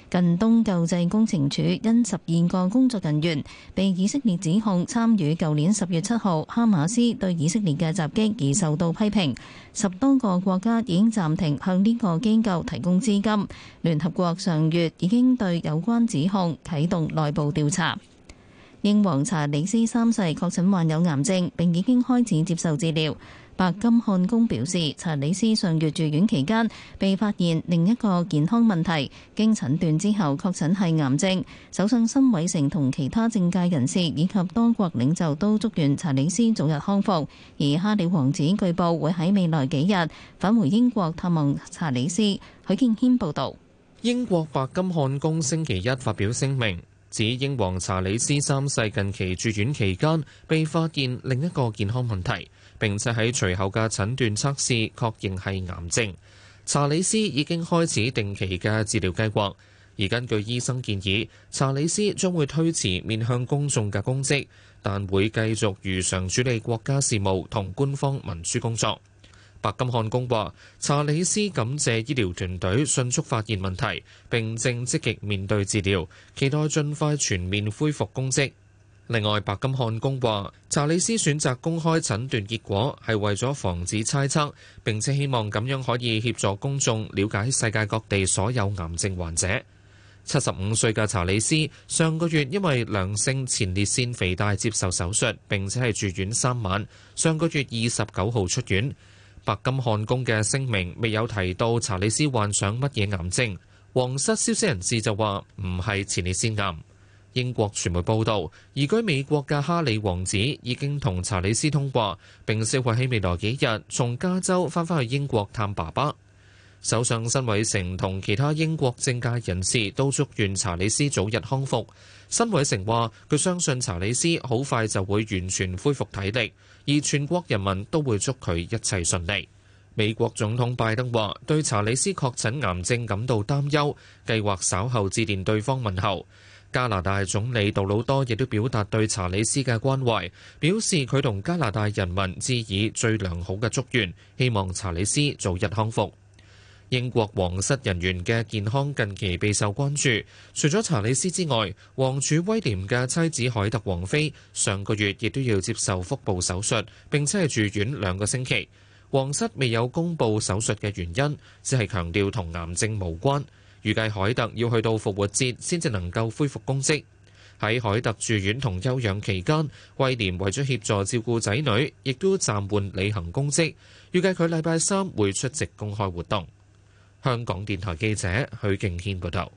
近東救濟工程處因十二個工作人員被以色列指控參與舊年十月七號哈馬斯對以色列嘅襲擊而受到批評，十多個國家已經暫停向呢個機構提供資金。聯合國上月已經對有關指控啟動內部調查。英皇查理斯三世確診患有癌症，並已經開始接受治療。白金漢宮表示，查理斯上月住院期間被發現另一個健康問題，經診斷之後確診係癌症。首相辛偉成同其他政界人士以及多國領袖都祝願查理斯早日康復，而哈里王子據報會喺未來幾日返回英國探望查理斯。許敬軒報道。英國白金漢宮星期一發表聲明，指英皇查理斯三世近期住院期間被發現另一個健康問題並且喺隨後嘅診斷測試確認係癌症，查理斯已經開始定期嘅治療計劃。而根據醫生建議，查理斯將會推遲面向公眾嘅公職，但會繼續如常處理國家事務同官方文書工作。白金漢宮話，查理斯感謝醫療團隊迅速發現問題，並正積極面對治療，期待盡快全面恢復公職。另外，白金漢宮話查理斯選擇公開診斷結果係為咗防止猜測，並且希望咁樣可以協助公眾了解世界各地所有癌症患者。七十五歲嘅查理斯上個月因為良性前列腺肥大接受手術，並且係住院三晚。上個月二十九號出院。白金漢宮嘅聲明未有提到查理斯患上乜嘢癌症。皇室消息人士就話唔係前列腺癌。英國傳媒報道，移居美國嘅哈里王子已經同查理斯通話，並計劃喺未來幾日從加州翻返去英國探爸爸。首相辛偉成同其他英國政界人士都祝願查理斯早日康復。辛偉成話，佢相信查理斯好快就會完全恢復體力，而全國人民都會祝佢一切順利。美國總統拜登話，對查理斯確診癌症感到擔憂，計劃稍後致電對方問候。加拿大總理杜魯多亦都表達對查理斯嘅關懷，表示佢同加拿大人民致以最良好嘅祝願，希望查理斯早日康復。英國皇室人員嘅健康近期備受關注，除咗查理斯之外，王儲威廉嘅妻子凱特王妃上個月亦都要接受腹部手術，並且係住院兩個星期。皇室未有公布手術嘅原因，只係強調同癌症無關。預計凱特要去到復活節先至能夠恢復公職。喺凱特住院同休養期間，威廉為咗協助照顧仔女，亦都暫緩履行公職。預計佢禮拜三會出席公開活動。香港電台記者許敬軒報道。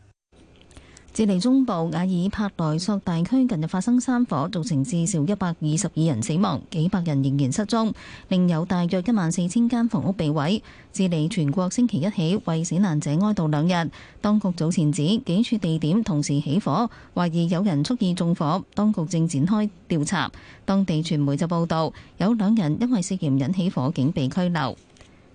智利中部瓦爾帕萊索大區近日發生山火，造成至少一百二十二人死亡，幾百人仍然失蹤，另有大約一萬四千間房屋被毀。智利全國星期一起為死難者哀悼兩日。當局早前指幾處地點同時起火，懷疑有人蓄意縱火，當局正展開調查。當地傳媒就報道有兩人因為涉嫌引起火警被拘留。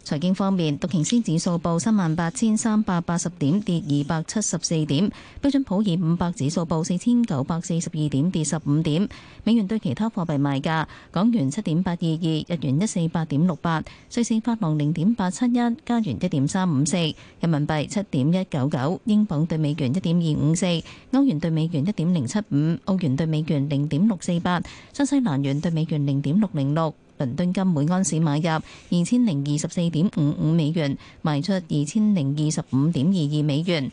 財經方面，道瓊斯指數報三萬八千三百八十點，跌二百七十四點；標準普爾五百指數報四千九百四十二點，跌十五點。美元對其他貨幣賣價：港元七點八二二，日元一四八點六八，瑞士法郎零點八七一，加元一點三五四，人民幣七點一九九，英鎊對美元一點二五四，歐元對美元一點零七五，澳元對美元零點六四八，新西蘭元對美元零點六零六。倫敦金每安士買入二千零二十四點五五美元，賣出二千零二十五點二二美元。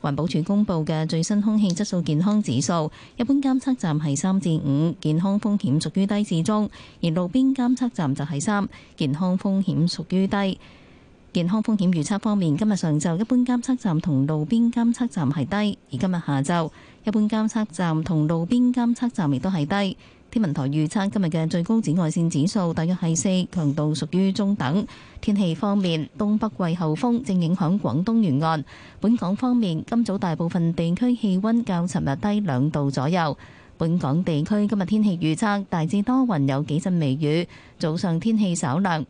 環保署公布嘅最新空氣質素健康指數，一般監測站係三至五，健康風險屬於低至中；而路邊監測站就係三，健康風險屬於低。健康風險預測方面，今日上晝一般監測站同路邊監測站係低，而今日下晝一般監測站同路邊監測站亦都係低。天文台預測今日嘅最高紫外線指數大約係四，強度屬於中等。天氣方面，東北季候風正影響廣東沿岸。本港方面，今早大部分地區氣温較尋日低兩度左右。本港地區今日天氣預測大致多雲，有幾陣微雨，早上天氣稍涼，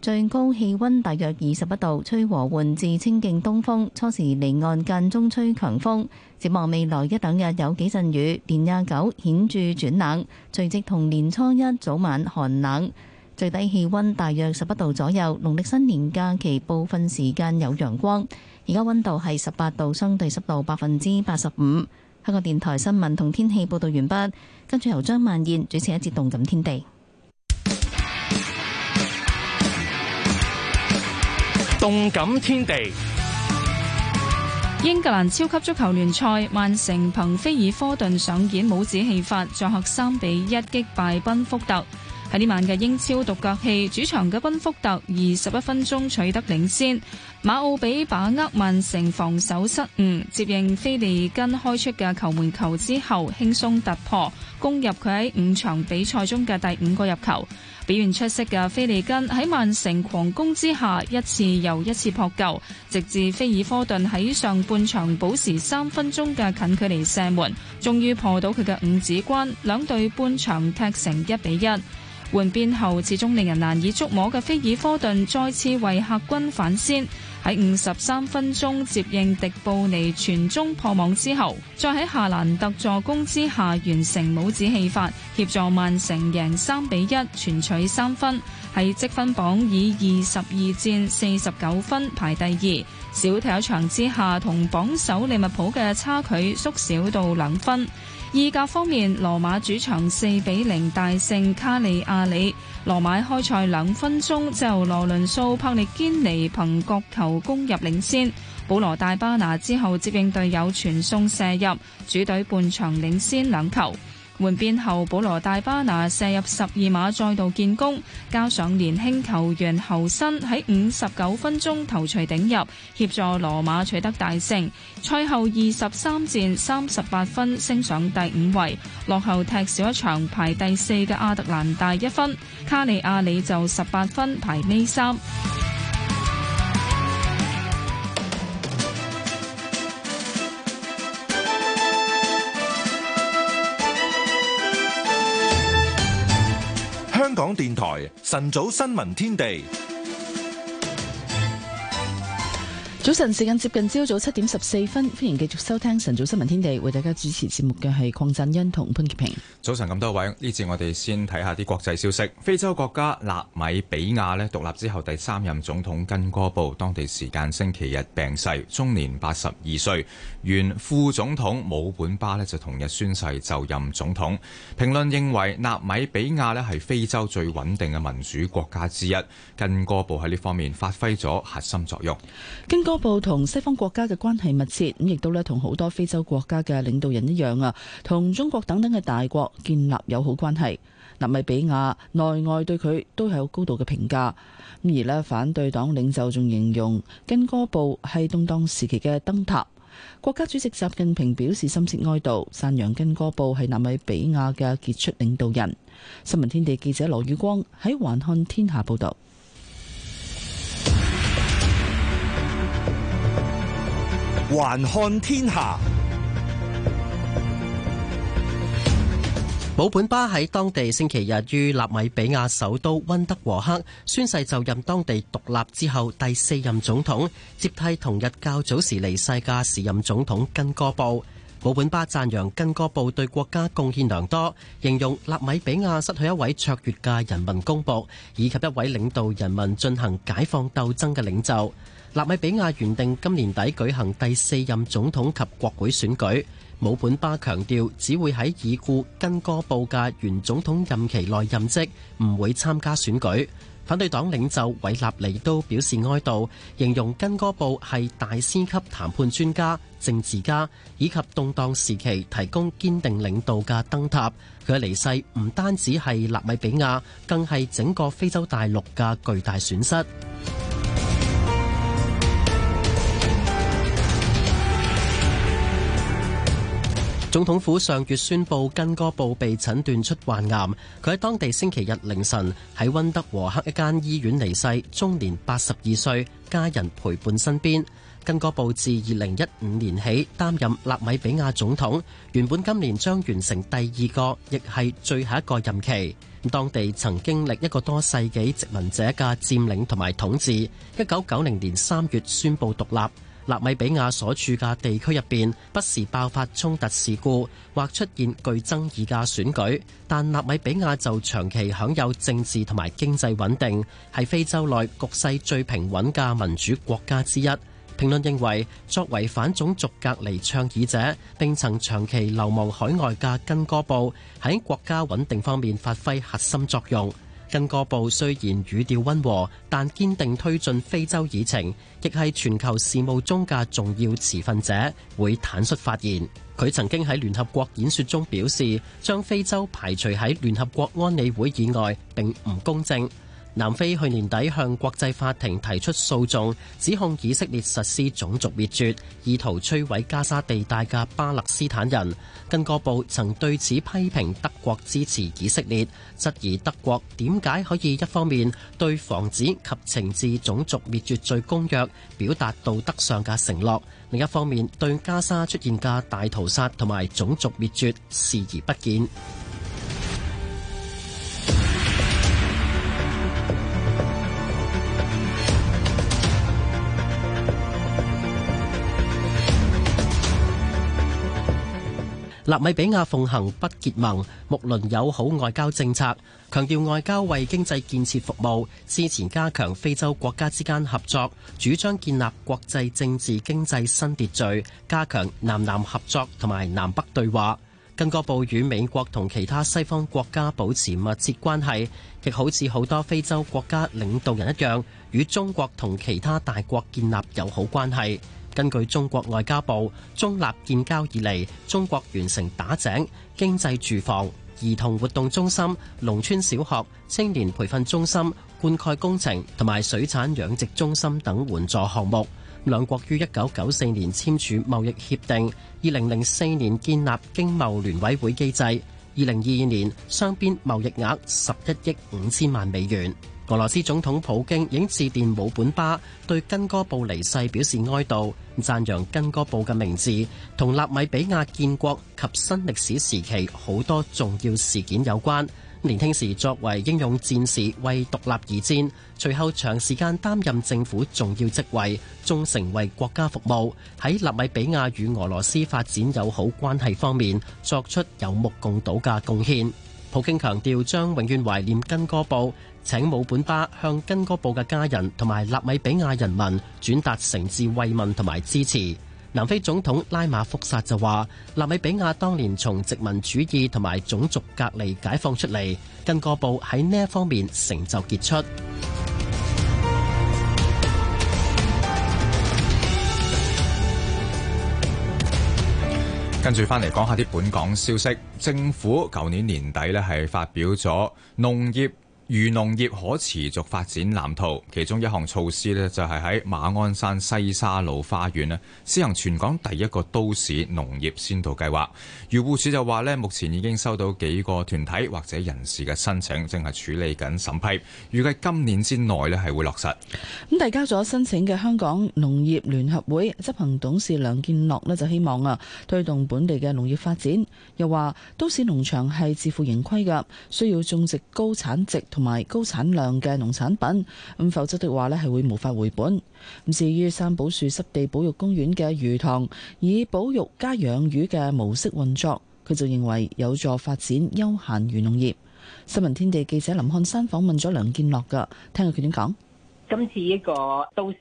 最高氣温大約二十一度，吹和緩至清勁東風，初時離岸間中吹強風。展望未來一兩日有幾陣雨，年廿九顯著轉冷，隨即，同年初一早晚寒冷，最低氣温大約十一度左右。農曆新年假期部分時間有陽光，而家溫度係十八度，相對濕度百分之八十五。香港電台新聞同天氣報道完畢，跟住由張萬燕主持一節動感天地。動感天地。英格蘭超級足球聯賽，曼城憑菲爾科頓上演帽子戲法，作客三比一擊敗奔福特。喺呢晚嘅英超獨角戲，主場嘅奔福特二十一分鐘取得領先，馬奧比把握曼城防守失誤，接應菲利根開出嘅球門球之後輕鬆突破，攻入佢喺五場比賽中嘅第五個入球。表現出色嘅菲利根喺曼城狂攻之下，一次又一次撲救，直至菲爾科頓喺上半場保持三分鐘嘅近距離射門，終於破到佢嘅五指關，兩隊半場踢成一比一。換邊後，始終令人難以捉摸嘅菲爾科頓再次為客軍反先，喺五十三分鐘接應迪布尼傳中破網之後，再喺夏蘭特助攻之下完成帽子戲法，協助曼城贏三比一，全取三分，喺積分榜以二十二戰四十九分排第二，小睇場之下同榜首利物浦嘅差距縮小到兩分。意甲方面，羅馬主場四比零大勝卡利亞里。羅馬開賽兩分鐘就羅倫素、帕利堅尼憑角球攻入領先，保羅戴巴拿之後接應隊友傳送射入，主隊半場領先兩球。換邊後，保羅大巴拿射入十二碼，再度建功，加上年輕球員侯新喺五十九分鐘頭槌頂入，協助羅馬取得大勝。賽後二十三戰三十八分，升上第五位，落後踢少一場排第四嘅阿特蘭大一分，卡利亞里就十八分排尾三。港電台晨早新聞天地。早晨，時間接近朝早七點十四分，歡迎繼續收聽晨早新聞天地，為大家主持節目嘅係鄺振恩同潘潔平。早晨咁多位，呢節我哋先睇下啲國際消息。非洲國家納米比亞咧獨立之後第三任總統根哥布，當地時間星期日病逝，終年八十二歲。原副總統姆本巴咧就同日宣誓就任總統。評論認為納米比亞咧係非洲最穩定嘅民主國家之一，根哥布喺呢方面發揮咗核心作用。根哥。布同西方國家嘅關係密切，咁亦都呢同好多非洲國家嘅領導人一樣啊，同中國等等嘅大國建立友好關係。納米比亞內外對佢都係有高度嘅評價，咁而呢反對黨領袖仲形容根哥布係動盪時期嘅燈塔。國家主席習近平表示深切哀悼，讚揚根哥布係納米比亞嘅傑出領導人。新聞天地記者羅宇光喺環看天下報道。還看天下，姆本巴喺當地星期日於納米比亞首都溫德和克宣誓就任當地獨立之後第四任總統，接替同日較早時離世嘅時任總統根哥布。姆本巴讚揚根哥布對國家貢獻良多，形容納米比亞失去一位卓越嘅人民公僕以及一位領導人民進行解放鬥爭嘅領袖。納米比亞原定今年底舉行第四任總統及國會選舉，姆本巴強調只會喺已故根哥布嘅原總統任期內任職，唔會參加選舉。反對黨領袖韋納尼都表示哀悼，形容根哥布係大師級談判專家、政治家以及動盪時期提供堅定領導嘅燈塔。佢嘅離世唔單止係納米比亞，更係整個非洲大陸嘅巨大損失。總統府上月宣布根哥布被診斷出患癌。佢喺當地星期日凌晨喺溫德和克一間醫院離世，終年八十二歲，家人陪伴身邊。根哥布自2015年起擔任納米比亞總統，原本今年將完成第二個，亦係最後一個任期。當地曾經歷一個多世紀殖民者嘅佔領同埋統治。一九九零年三月宣布獨立。納米比亞所處嘅地區入邊不時爆發衝突事故或出現具爭議嘅選舉，但納米比亞就長期享有政治同埋經濟穩定，係非洲內局勢最平穩嘅民主國家之一。評論認為，作為反種族隔離倡議者並曾長期流亡海外嘅根哥布喺國家穩定方面發揮核心作用。跟各部雖然語調溫和，但堅定推進非洲議程，亦係全球事務中嘅重要持份者。會坦率發言，佢曾經喺聯合國演說中表示，將非洲排除喺聯合國安理會以外，並唔公正。南非去年底向國際法庭提出訴訟，指控以色列實施種族滅絕，意圖摧毀加沙地帶嘅巴勒斯坦人。更各部曾對此批評德國支持以色列，質疑德國點解可以一方面對防止及懲治種族滅絕罪公約表達道德上嘅承諾，另一方面對加沙出現嘅大屠殺同埋種族滅絕視而不見。納米比亞奉行不結盟、睦鄰友好外交政策，強調外交為經濟建設服務，支持加強非洲國家之間合作，主張建立國際政治經濟新秩序，加強南南合作同埋南北對話。根哥布與美國同其他西方國家保持密切關係，亦好似好多非洲國家領導人一樣，與中國同其他大國建立友好關係。根據中國外交部，中立建交以來，中國完成打井、經濟住房、兒童活動中心、農村小學、青年培訓中心、灌溉工程同埋水產養殖中心等援助項目。兩國於一九九四年簽署貿易協定，二零零四年建立經貿聯委會機制，二零二二年雙邊貿易額十一億五千萬美元。俄羅斯總統普京已經致電姆本巴，對根哥布離世表示哀悼，讚揚根哥布嘅名字同納米比亞建國及新歷史時期好多重要事件有關。年輕時作為英勇戰士為獨立而戰，隨後長時間擔任政府重要職位，忠誠為國家服務。喺納米比亞與俄羅斯發展友好關係方面，作出有目共睹嘅貢獻。普京強調將永遠懷念根哥布，請姆本巴向根哥布嘅家人同埋納米比亞人民轉達誠摯慰問同埋支持。南非總統拉馬福薩就話：納米比亞當年從殖民主義同埋種族隔離解放出嚟，根哥布喺呢一方面成就傑出。跟住翻嚟講下啲本港消息，政府舊年年底咧係發表咗農業漁農業可持續發展藍圖，其中一項措施咧就係、是、喺馬鞍山西沙路花園咧，施行全港第一個都市農業先導計劃。漁護署就話咧，目前已經收到幾個團體或者人士嘅申請，正係處理緊審批，預計今年之內咧係會落實。咁、嗯、提交咗申請嘅香港農業聯合會執行董事梁建樂咧就希望啊，推動本地嘅農業發展，又話都市農場係自負盈虧嘅，需要種植高產值。同埋高產量嘅農產品，咁否則的話咧係會無法回本。咁至於三寶樹濕地保育公園嘅魚塘，以保育加養魚嘅模式運作，佢就認為有助發展休閒漁農業。新聞天地記者林漢山訪問咗梁建樂噶，聽佢點講。今次呢個都市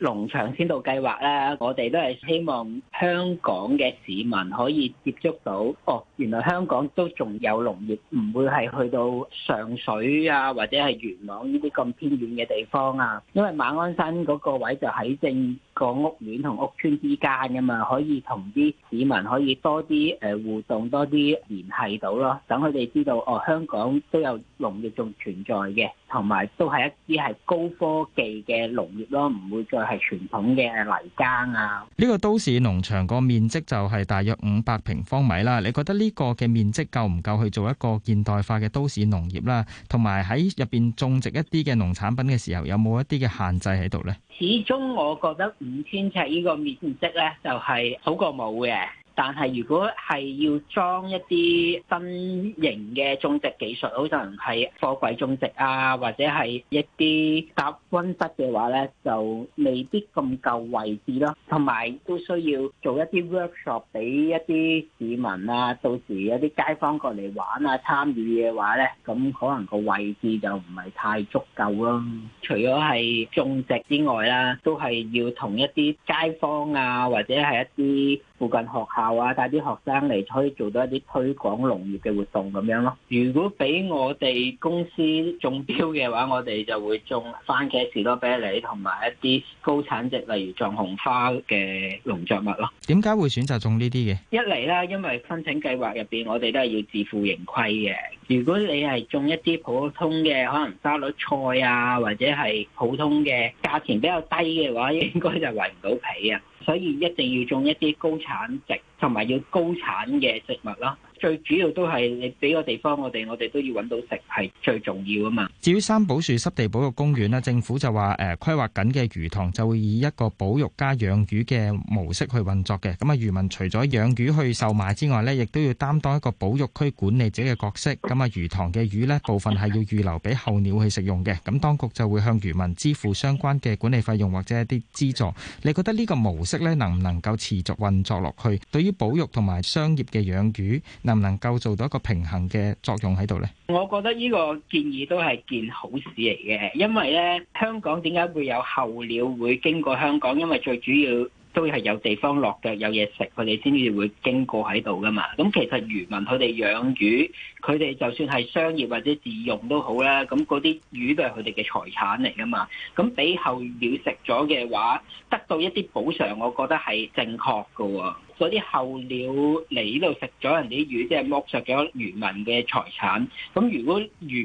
農場先導計劃咧，我哋都係希望香港嘅市民可以接觸到，哦，原來香港都仲有農業，唔會係去到上水啊，或者係元朗呢啲咁偏遠嘅地方啊，因為馬鞍山嗰個位就喺正個屋苑同屋村之間噶嘛，可以同啲市民可以多啲誒互動，多啲聯繫到咯。等佢哋知道哦，香港都有農業仲存在嘅，同埋都係一啲係高科技嘅農業咯，唔會再係傳統嘅泥耕啊。呢個都市農場個面積就係大約五百平方米啦。你覺得呢個嘅面積夠唔夠去做一個現代化嘅都市農業啦？同埋喺入邊種植一啲嘅農產品嘅時候，有冇一啲嘅限制喺度呢？始終我覺得五千尺呢個面積咧，就係好過冇嘅。但係如果係要裝一啲新型嘅種植技術，好似可能係貨櫃種植啊，或者係一啲搭溫室嘅話咧，就未必咁夠位置咯。同埋都需要做一啲 workshop 俾一啲市民啊，到時有啲街坊過嚟玩啊，參與嘅話咧，咁可能個位置就唔係太足夠咯。除咗係種植之外啦，都係要同一啲街坊啊，或者係一啲。附近學校啊，帶啲學生嚟可以做多一啲推廣農業嘅活動咁樣咯。如果俾我哋公司中標嘅話，我哋就會種番茄、士多啤梨同埋一啲高產值，例如藏紅花嘅農作物咯。點解會選擇種呢啲嘅？一嚟啦，因為申請計劃入邊，我哋都係要自負盈虧嘅。如果你係種一啲普通嘅，可能沙律菜啊，或者係普通嘅，價錢比較低嘅話，應該就圍唔到皮啊。所以一定要種一啲高產值同埋要高產嘅食物咯。最主要都係你俾個地方我哋，我哋都要揾到食係最重要啊嘛。至於三寶樹濕地保育公園呢，政府就話誒規劃緊嘅魚塘就會以一個保育加養魚嘅模式去運作嘅。咁啊，漁民除咗養魚去售賣之外呢，亦都要擔當一個保育區管理者嘅角色。咁啊，魚塘嘅魚呢，部分係要預留俾候鳥去食用嘅。咁當局就會向漁民支付相關嘅管理費用或者一啲資助。你覺得呢個模式呢，能唔能夠持續運作落去？對於保育同埋商業嘅養魚？能唔能夠做到一個平衡嘅作用喺度呢？我覺得呢個建議都係件好事嚟嘅，因為呢香港點解會有候鳥會經過香港？因為最主要都係有地方落腳，有嘢食，佢哋先至會經過喺度噶嘛。咁、嗯、其實漁民佢哋養魚。佢哋就算係商業或者自用都好啦，咁嗰啲魚都係佢哋嘅財產嚟噶嘛？咁俾候鳥食咗嘅話，得到一啲補償，我覺得係正確噶。嗰啲候鳥嚟呢度食咗人啲魚，即係剝削咗漁民嘅財產。咁如果漁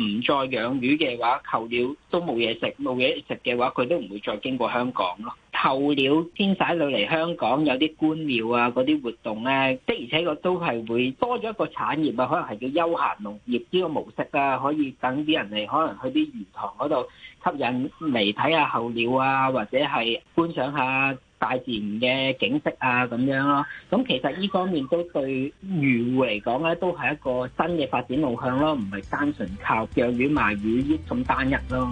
民唔再養魚嘅話，候鳥都冇嘢食，冇嘢食嘅話，佢都唔會再經過香港咯。候鳥遷徙到嚟香港，有啲觀鳥啊嗰啲活動咧，的而且確都係會多咗一個產業啊，可能係。叫休閒農業呢個模式啊，可以等啲人嚟，可能去啲魚塘嗰度吸引嚟睇下候鳥啊，或者係觀賞下大自然嘅景色啊，咁樣咯。咁其實呢方面都對漁戶嚟講咧，都係一個新嘅發展路向咯，唔係單純靠釣魚賣魚咁單一咯。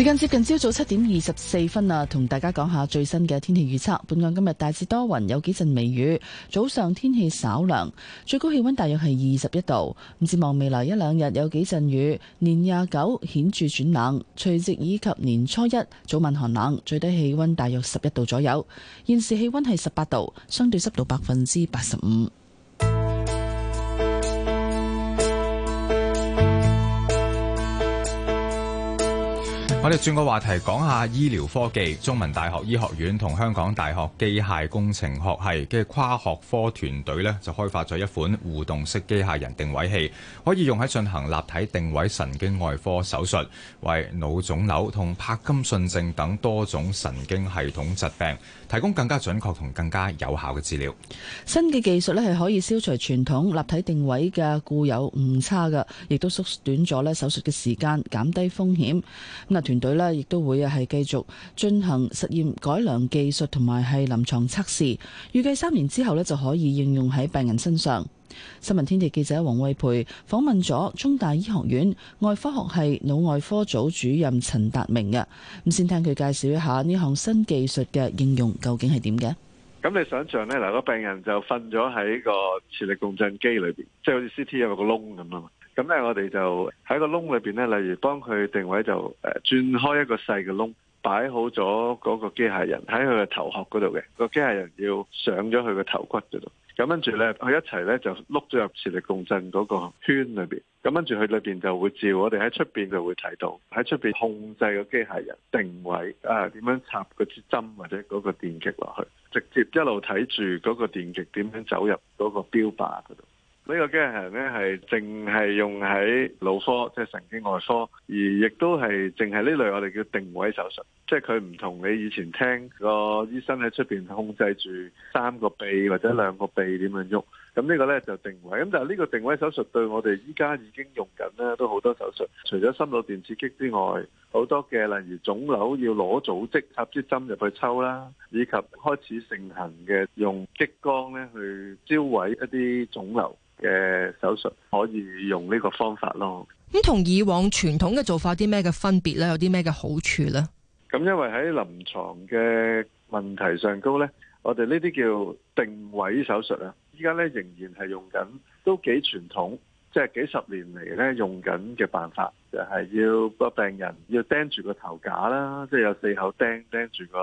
時間接近朝早七點二十四分啊，同大家講下最新嘅天氣預測。本港今日大致多雲，有幾陣微雨。早上天氣稍涼，最高氣溫大約係二十一度。咁展望未來一兩日有幾陣雨，年廿九顯著轉冷，除夕以及年初一早晚寒冷，最低氣溫大約十一度左右。現時氣溫係十八度，相對濕度百分之八十五。我哋轉個話題，講下醫療科技。中文大學醫學院同香港大學機械工程學系嘅跨學科團隊咧，就開發咗一款互動式機械人定位器，可以用喺進行立體定位神經外科手術，為腦腫瘤同帕金遜症等多種神經系統疾病提供更加準確同更加有效嘅治療。新嘅技術咧係可以消除傳統立體定位嘅固有誤差噶，亦都縮短咗咧手術嘅時間，減低風險。團隊咧亦都會係繼續進行實驗改良技術同埋係臨床測試，預計三年之後咧就可以應用喺病人身上。新聞天地記者王慧培訪問咗中大醫學院外科學系腦外科組主任陳達明嘅，咁先聽佢介紹一下呢項新技術嘅應用究竟係點嘅。咁你想象呢？嗱，個病人就瞓咗喺個磁力共振機裏邊，即係好似 CT 有個窿咁啊嘛。咁咧，我哋就喺個窿裏邊咧，例如幫佢定位就誒、轉、呃、開一個細嘅窿，擺好咗嗰個機械人喺佢嘅頭殼嗰度嘅。個機械人要上咗佢嘅頭骨嗰度，咁跟住咧，佢一齊咧就碌咗入磁力共振嗰個圈裏邊。咁跟住佢裏邊就會照，我哋喺出邊就會睇到，喺出邊控制個機械人定位啊，點樣插支針或者嗰個電極落去，直接一路睇住嗰個電極點樣走入嗰個標靶度。呢個機械人咧係淨係用喺腦科，即係神經外科，而亦都係淨係呢類我哋叫定位手術，即係佢唔同你以前聽個醫生喺出邊控制住三個臂或者兩個臂點樣喐，咁呢個咧就定位。咁但係呢個定位手術對我哋依家已經用緊咧，都好多手術，除咗深腦電刺激之外，好多嘅例如腫瘤要攞組織插支針入去抽啦，以及開始盛行嘅用激光咧去銷毀一啲腫瘤。嘅手術可以用呢個方法咯。咁同以往傳統嘅做法啲咩嘅分別咧？有啲咩嘅好處咧？咁因為喺臨床嘅問題上高咧，我哋呢啲叫定位手術啊。依家咧仍然係用緊，都幾傳統，即係幾十年嚟咧用緊嘅辦法，就係、是、要個病人要釘住個頭架啦，即係有四口釘釘住個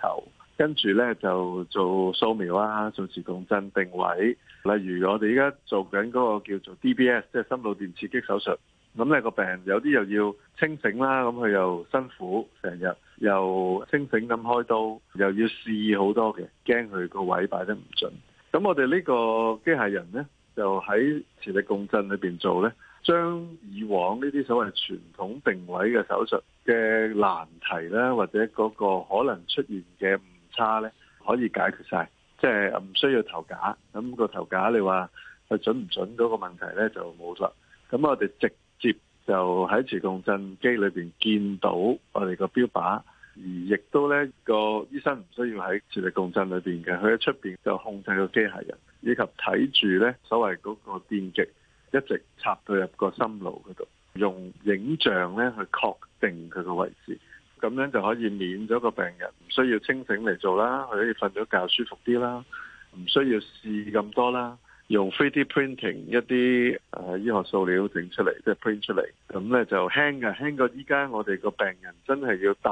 頭。跟住呢，就做掃描啦，做磁共振定位。例如我哋依家做緊嗰個叫做 DBS，即係深腦電刺激手術。咁呢個病人有啲又要清醒啦，咁佢又辛苦，成日又清醒咁開刀，又要試好多嘅，驚佢個位擺得唔準。咁我哋呢個機械人呢，就喺磁力共振裏邊做呢，將以往呢啲所謂傳統定位嘅手術嘅難題咧，或者嗰個可能出現嘅。差咧可以解決晒，即係唔需要頭架。咁個頭架你話佢準唔準嗰個問題咧就冇嘞。咁我哋直接就喺磁共振機裏邊見到我哋個標靶，而亦都咧個醫生唔需要喺磁力共振裏邊嘅，佢喺出邊就控制個機械人，以及睇住咧所謂嗰個電極一直插到入個心腦嗰度，用影像咧去確定佢個位置。咁樣就可以免咗個病人唔需要清醒嚟做啦，可以瞓咗覺舒服啲啦，唔需要試咁多啦，用 3D printing 一啲誒醫學塑料整出嚟，即係 print 出嚟，咁咧就輕嘅，輕過依家我哋個病人真係要戴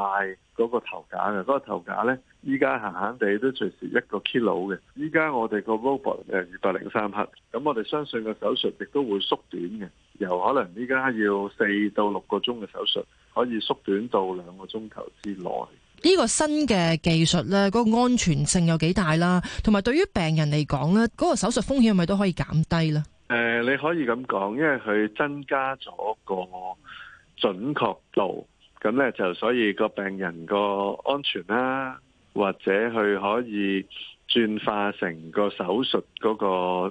嗰個頭架嘅，嗰個頭架咧依家閒閒地都隨時一個 kilo 嘅，依家我哋個 robot 誒二百零三克，咁我哋相信個手術亦都會縮短嘅，由可能依家要四到六個鐘嘅手術，可以縮短到兩個鐘頭之內。呢個新嘅技術咧，個安全性有幾大啦？同埋對於病人嚟講咧，嗰個手術風險係咪都可以減低咧？誒，你可以咁講，因為佢增加咗個準確度，咁咧就所以個病人個安全啦，或者佢可以轉化成個手術嗰個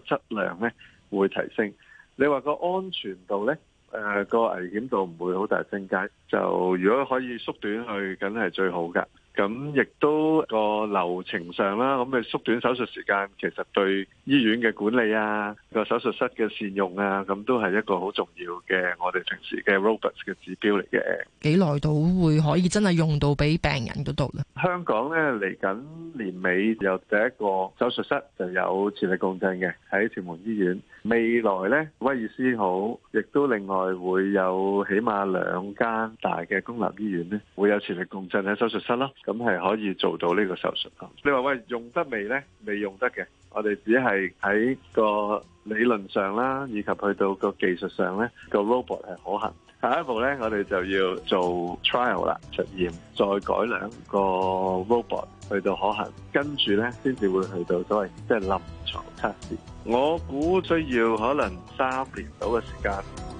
質量咧會提升。你話個安全度咧？誒，個危險度唔會好大增加，就如果可以縮短去，梗係最好㗎。咁亦都個流程上啦，咁咪縮短手術時間，其實對醫院嘅管理啊，個手術室嘅善用啊，咁都係一個好重要嘅我哋平時嘅 robot 嘅指標嚟嘅。幾耐到會可以真係用到俾病人都到咧？香港咧嚟緊年尾有第一個手術室就有磁力共振嘅喺屯門醫院。未來咧威爾斯好，亦都另外會有起碼兩間大嘅公立醫院咧，會有磁力共振喺手術室咯。咁係可以做到呢個手術咯。你話喂用得未呢？未用得嘅，我哋只係喺個理論上啦，以及去到個技術上呢，個 robot 係可行。下一步呢，我哋就要做 trial 啦，實驗再改良個 robot 去到可行，跟住呢，先至會去到所謂即係、就是、臨床測試。我估需要可能三年到嘅時間。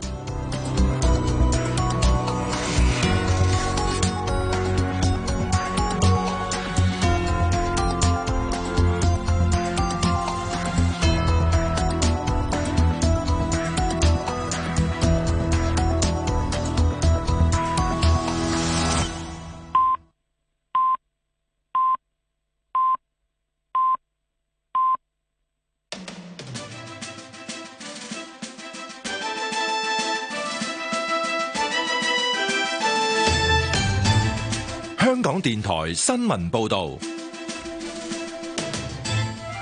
電台新聞報道：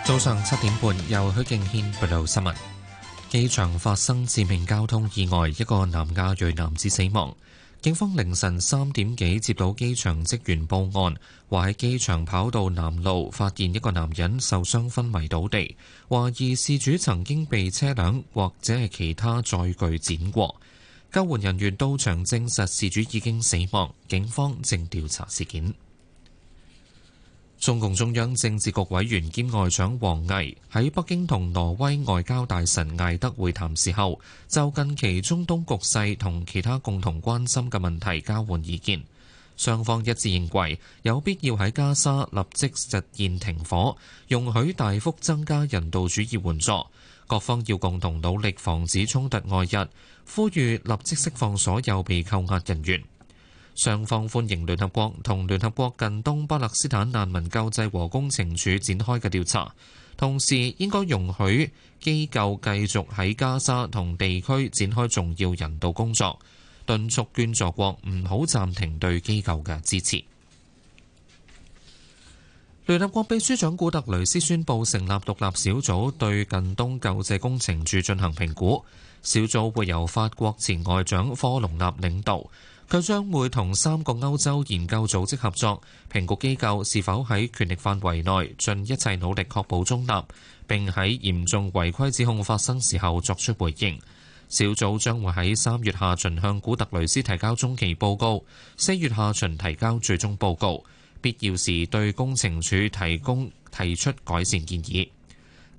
早上七點半，由許敬軒報道新聞。機場發生致命交通意外，一個南亞裔男子死亡。警方凌晨三點幾接到機場職員報案，話喺機場跑道南路發現一個男人受傷昏迷倒地，懷疑事主曾經被車輛或者係其他載具碾過。救援人員到場證實事主已經死亡，警方正調查事件。中共中央政治局委員兼外長王毅喺北京同挪威外交大臣艾德會談時候，就近期中東局勢同其他共同關心嘅問題交換意見，雙方一致認為有必要喺加沙立即實現停火，容許大幅增加人道主義援助。各方要共同努力，防止衝突外溢，呼籲立即釋放所有被扣押人員。雙方歡迎聯合國同聯合國近東巴勒斯坦難民救濟和工程處展開嘅調查，同時應該容許機構繼續喺加沙同地區展開重要人道工作，敦促捐助國唔好暫停對機構嘅支持。聯合國秘書長古特雷斯宣布成立獨立小組，對近東救濟工程處進行評估。小組會由法國前外長科隆納領導，佢將會同三個歐洲研究組織合作，評估機構是否喺權力範圍內盡一切努力確保中立，並喺嚴重違規指控發生時候作出回應。小組將會喺三月下旬向古特雷斯提交中期報告，四月下旬提交最終報告。必要時對工程署提供提出改善建議，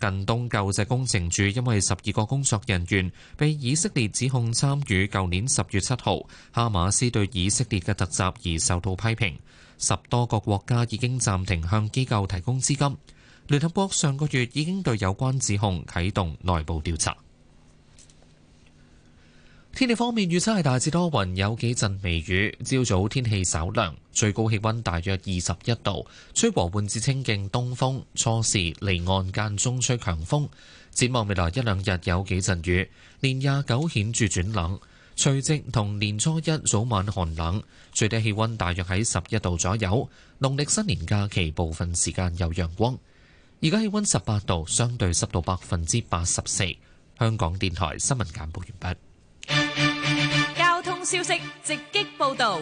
近東救濟工程署因為十二個工作人員被以色列指控參與舊年十月七號哈馬斯對以色列嘅襲擊而受到批評，十多個國家已經暫停向機構提供資金。聯合國上個月已經對有關指控啟動內部調查。天氣方面，預測係大致多雲，有幾陣微雨。朝早天氣稍涼，最高氣溫大約二十一度，吹和緩至清勁東風。初時離岸間中吹強風。展望未來一兩日有幾陣雨，年廿九顯著轉冷，除夕同年初一早晚寒冷，最低氣溫大約喺十一度左右。農曆新年假期部分時間有陽光。而家氣溫十八度，相對濕度百分之八十四。香港電台新聞簡報完畢。交通消息直擊報道，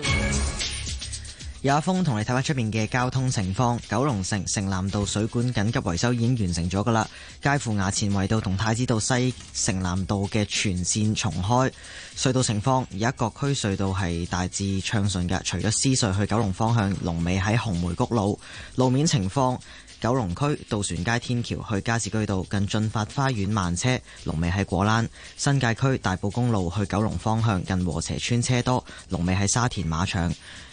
有阿峰同你睇返出面嘅交通情況。九龍城城南道水管緊急維修已經完成咗㗎喇，介乎衙前圍道同太子道西城南道嘅全線重開。隧道情況，而家各區隧道係大致暢順嘅，除咗獅隧去九龍方向龍尾喺紅梅谷路路面情況。九龍區渡船街天橋去加士居道近駿發花園慢車，龍尾喺果欄；新界區大埔公路去九龍方向近禾輋村車多，龍尾喺沙田馬場；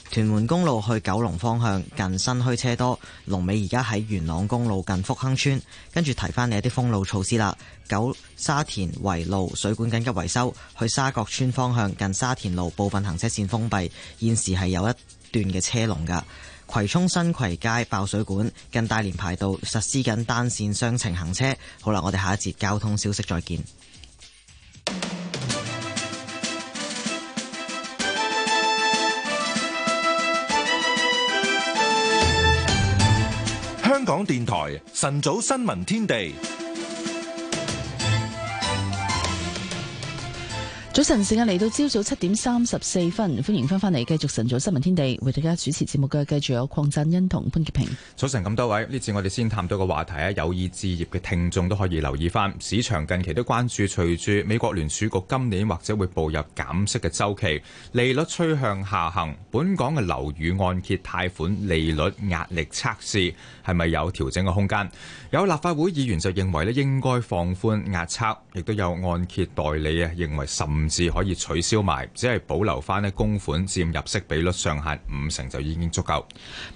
屯門公路去九龍方向近新墟車多，龍尾而家喺元朗公路近福亨村。跟住提翻你一啲封路措施啦：九沙田圍路水管緊急維修，去沙角村方向近沙田路部分行車線封閉，現時係有一段嘅車龍噶。葵涌新葵街爆水管，近大連排道實施緊單線雙程行車。好啦，我哋下一節交通消息再見。香港電台晨早新聞天地。早晨，時間嚟到朝早七點三十四分，歡迎翻返嚟，繼續晨早新聞天地，為大家主持節目嘅繼續有鄺振恩同潘潔平。早晨咁多位，呢次我哋先探討個話題咧，有意置業嘅聽眾都可以留意翻。市場近期都關注，隨住美國聯儲局今年或者會步入減息嘅周期，利率趨向下行，本港嘅樓宇按揭貸款利率壓力測試係咪有調整嘅空間？有立法會議員就認為咧，應該放寬壓測，亦都有按揭代理啊，認為甚至可以取消埋，只係保留返咧供款佔入息比率上限五成就已經足夠。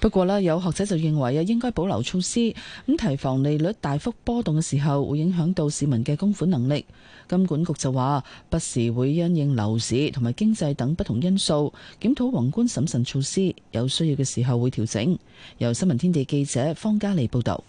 不過咧，有學者就認為啊，應該保留措施咁提防利率大幅波動嘅時候，會影響到市民嘅供款能力。金管局就話不時會因應樓市同埋經濟等不同因素檢討宏觀審慎措施，有需要嘅時候會調整。由新聞天地記者方嘉莉報導。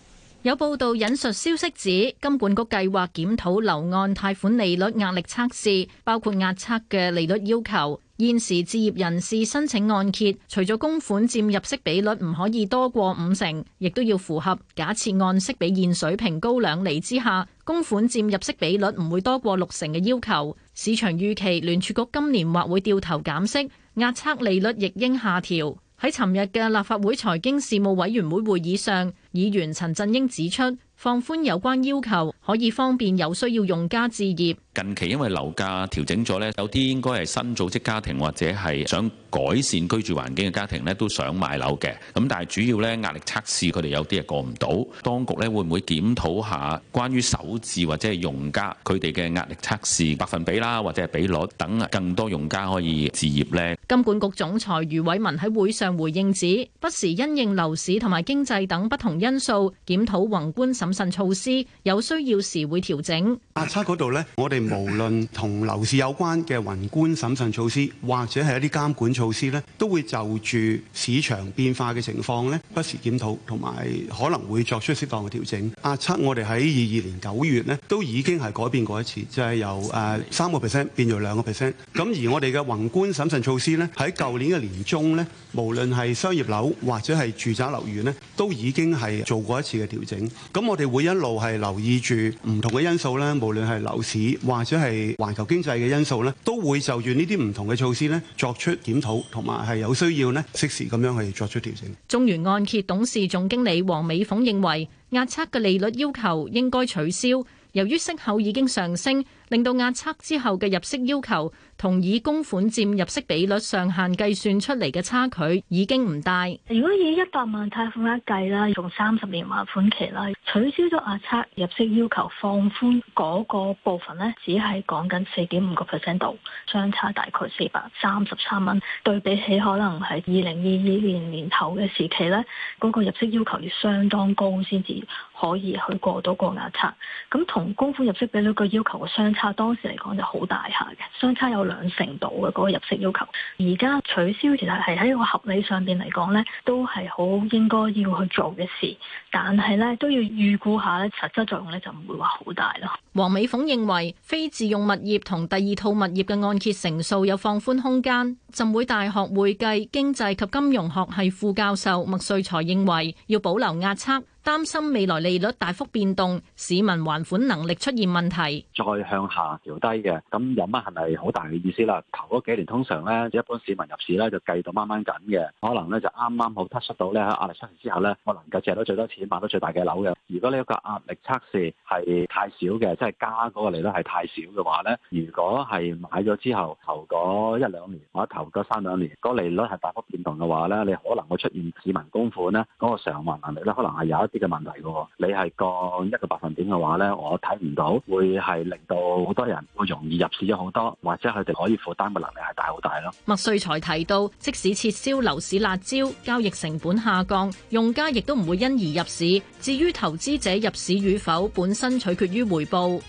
有報道引述消息指，金管局計劃檢討樓按貸款利率壓力測試，包括壓測嘅利率要求。現時置業人士申請按揭，除咗供款佔入息比率唔可以多過五成，亦都要符合假設按息比現水平高兩厘之下，供款佔入息比率唔會多過六成嘅要求。市場預期聯儲局今年或會掉頭減息，壓測利率亦應下調。喺尋日嘅立法會財經事務委員會會議上，議員陳振英指出，放寬有關要求可以方便有需要用家置業。近期因為樓價調整咗咧，有啲應該係新組織家庭或者係想改善居住環境嘅家庭咧，都想買樓嘅。咁但係主要咧壓力測試佢哋有啲係過唔到。當局咧會唔會檢討下關於首置或者係用家佢哋嘅壓力測試百分比啦，或者係比率等，啊更多用家可以置業咧？金管局總裁余偉文喺會上回應指，不時因應樓市同埋經濟等不同因素，檢討宏觀審慎措施，有需要時會調整壓、啊、差嗰度咧，我哋。 (laughs) 無論同樓市有關嘅宏觀審慎措施，或者係一啲監管措施咧，都會就住市場變化嘅情況咧，不時檢討同埋可能會作出適當嘅調整。阿七，我哋喺二二年九月咧，都已經係改變過一次，就係由誒三個 percent 變做兩個 percent。咁而我哋嘅宏觀審慎措施咧，喺舊年嘅年中咧，無論係商業樓或者係住宅樓宇咧，都已經係做過一次嘅調整。咁我哋會一路係留意住唔同嘅因素咧，無論係樓市。或者係環球經濟嘅因素咧，都會就住呢啲唔同嘅措施咧作出檢討，同埋係有需要咧，適時咁樣去作出調整。中原按揭董事總經理黃美鳳認為，壓測嘅利率要求應該取消，由於息口已經上升。令到壓測之後嘅入息要求同以供款佔入息比率上限計算出嚟嘅差距已經唔大。如果以一百萬貸款額計啦，用三十年還款期啦，取消咗壓測入息要求，放寬嗰個部分呢，只係講緊四點五個 percent 度，相差大概四百三十三蚊。對比起可能係二零二二年年頭嘅時期呢嗰、那個入息要求要相當高先至可以去過到個壓測。咁同供款入息比率個要求嘅相差。吓，當時嚟講就好大下嘅，相差有兩成度嘅嗰個入息要求。而家取消，其實係喺個合理上邊嚟講呢，都係好應該要去做嘅事。但係呢，都要預估下咧，實質作用呢，就唔會話好大咯。黃美鳳認為，非自用物業同第二套物業嘅按揭成數有放寬空間。浸會大學會計經濟及金融學系副教授麥瑞才認為，要保留壓測。擔心未來利率大幅變動，市民還款能力出現問題。再向下調低嘅，咁有乜係咪好大嘅意思啦？頭嗰幾年通常咧，一般市民入市咧就計到掹掹緊嘅，可能咧就啱啱好 touch 到咧壓力測試之後咧，我能夠借到最多錢，買到最大嘅樓嘅。如果呢個壓力測試係太少嘅，即係加嗰個利率係太少嘅話咧，如果係買咗之後頭嗰一兩年，或者頭嗰三兩年，個利率係大幅變動嘅話咧，你可能會出現市民供款咧嗰個償還能力咧，可能係有。一。呢個問題喎，你係降一個百分點嘅話呢，我睇唔到會係令到好多人會容易入市咗好多，或者佢哋可以負擔嘅能力係大好大咯。麥萃才提到，即使撤銷樓市辣招，交易成本下降，用家亦都唔會因而入市。至於投資者入市與否，本身取決於回報。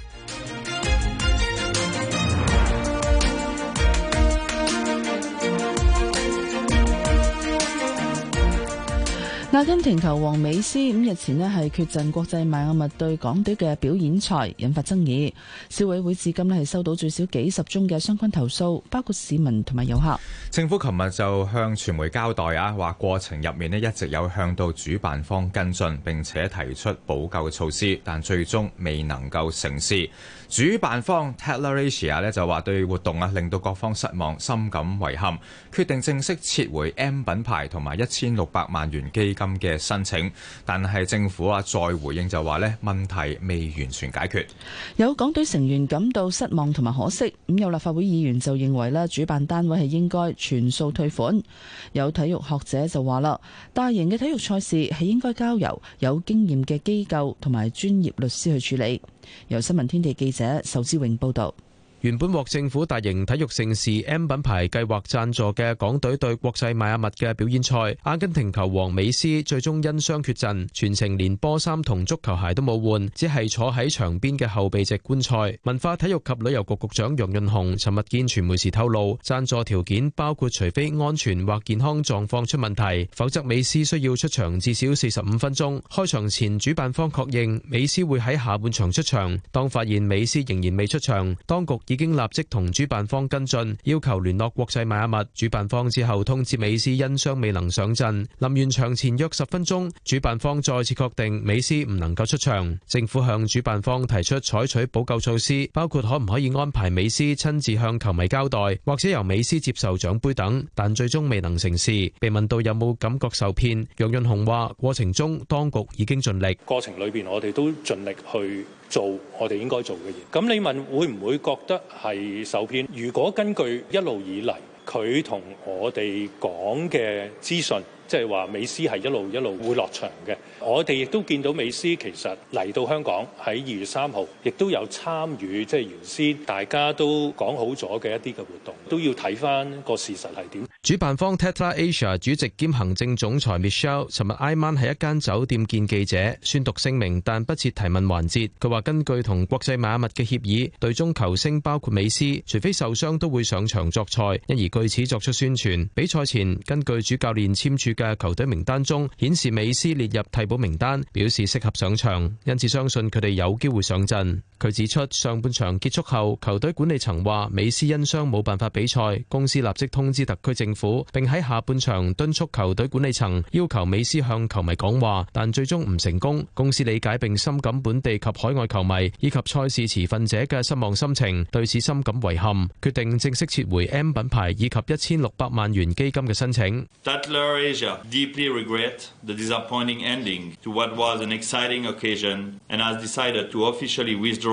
阿根廷球王美斯五日前呢係缺陣國際邁阿密對港隊嘅表演賽，引發爭議。消委會至今呢係收到最少幾十宗嘅相關投訴，包括市民同埋遊客。政府琴日就向傳媒交代啊，話過程入面呢一直有向到主辦方跟進，並且提出補救嘅措施，但最終未能夠成事。主辦方 Tatler Asia 咧，就話對活動啊，令到各方失望，深感遺憾，決定正式撤回 M 品牌同埋一千六百萬元基金嘅申請，但係政府啊，再回應就話咧，問題未完全解決，有港隊成員感到失望同埋可惜。咁有立法會議員就認為咧，主辦單位係應該全數退款。有體育學者就話啦，大型嘅體育賽事係應該交由有經驗嘅機構同埋專業律師去處理。由新聞天地記者者，仇志榮報道。原本獲政府大型體育盛事 M 品牌計劃贊助嘅港隊對國際邁阿密嘅表演賽，阿根廷球王美斯最終因傷缺陣，全程連波衫同足球鞋都冇換，只係坐喺場邊嘅後備席觀賽。文化體育及旅遊局局長楊潤雄尋日見傳媒時透露，贊助條件包括除非安全或健康狀況出問題，否則美斯需要出場至少四十五分鐘。開場前主辦方確認美斯會喺下半場出場，當發現美斯仍然未出場，當局已經立即同主辦方跟進，要求聯絡國際邁阿密。主辦方之後通知美斯因傷未能上陣。臨完場前約十分鐘，主辦方再次確定美斯唔能夠出場。政府向主辦方提出採取補救措施，包括可唔可以安排美斯親自向球迷交代，或者由美斯接受獎盃等，但最終未能成事。被問到有冇感覺受騙，楊潤雄話：過程中當局已經盡力，過程裏面我哋都盡力去。做我哋應該做嘅嘢，咁你問會唔會覺得係受騙？如果根據一路以嚟佢同我哋講嘅資訊。即係話美斯係一路一路會落場嘅，我哋亦都見到美斯其實嚟到香港喺二月三號亦都有參與，即係原先大家都講好咗嘅一啲嘅活動，都要睇翻個事實係點。主辦方 Tatler Asia 主席兼行政總裁 Michelle 尋日挨晚喺一間酒店見記者宣讀聲明，但不設提問環節。佢話根據同國際邁阿密嘅協議，隊中球星包括美斯，除非受傷都會上場作賽，因而據此作出宣傳。比賽前根據主教練簽署嘅嘅球隊名單中顯示，美斯列入替補名單，表示適合上場，因此相信佢哋有機會上陣。佢指出，上半場結束後，球隊管理層話美斯因傷冇辦法比賽，公司立即通知特區政府，並喺下半場敦促球隊管理層要求美斯向球迷講話，但最終唔成功。公司理解並深感本地及海外球迷以及賽事持份者嘅失望心情，對此深感遺憾，決定正式撤回 M 品牌以及一千六百萬元基金嘅申請。Tatler Asia deeply regret the disappointing ending to what was an exciting occasion and has decided to officially withdraw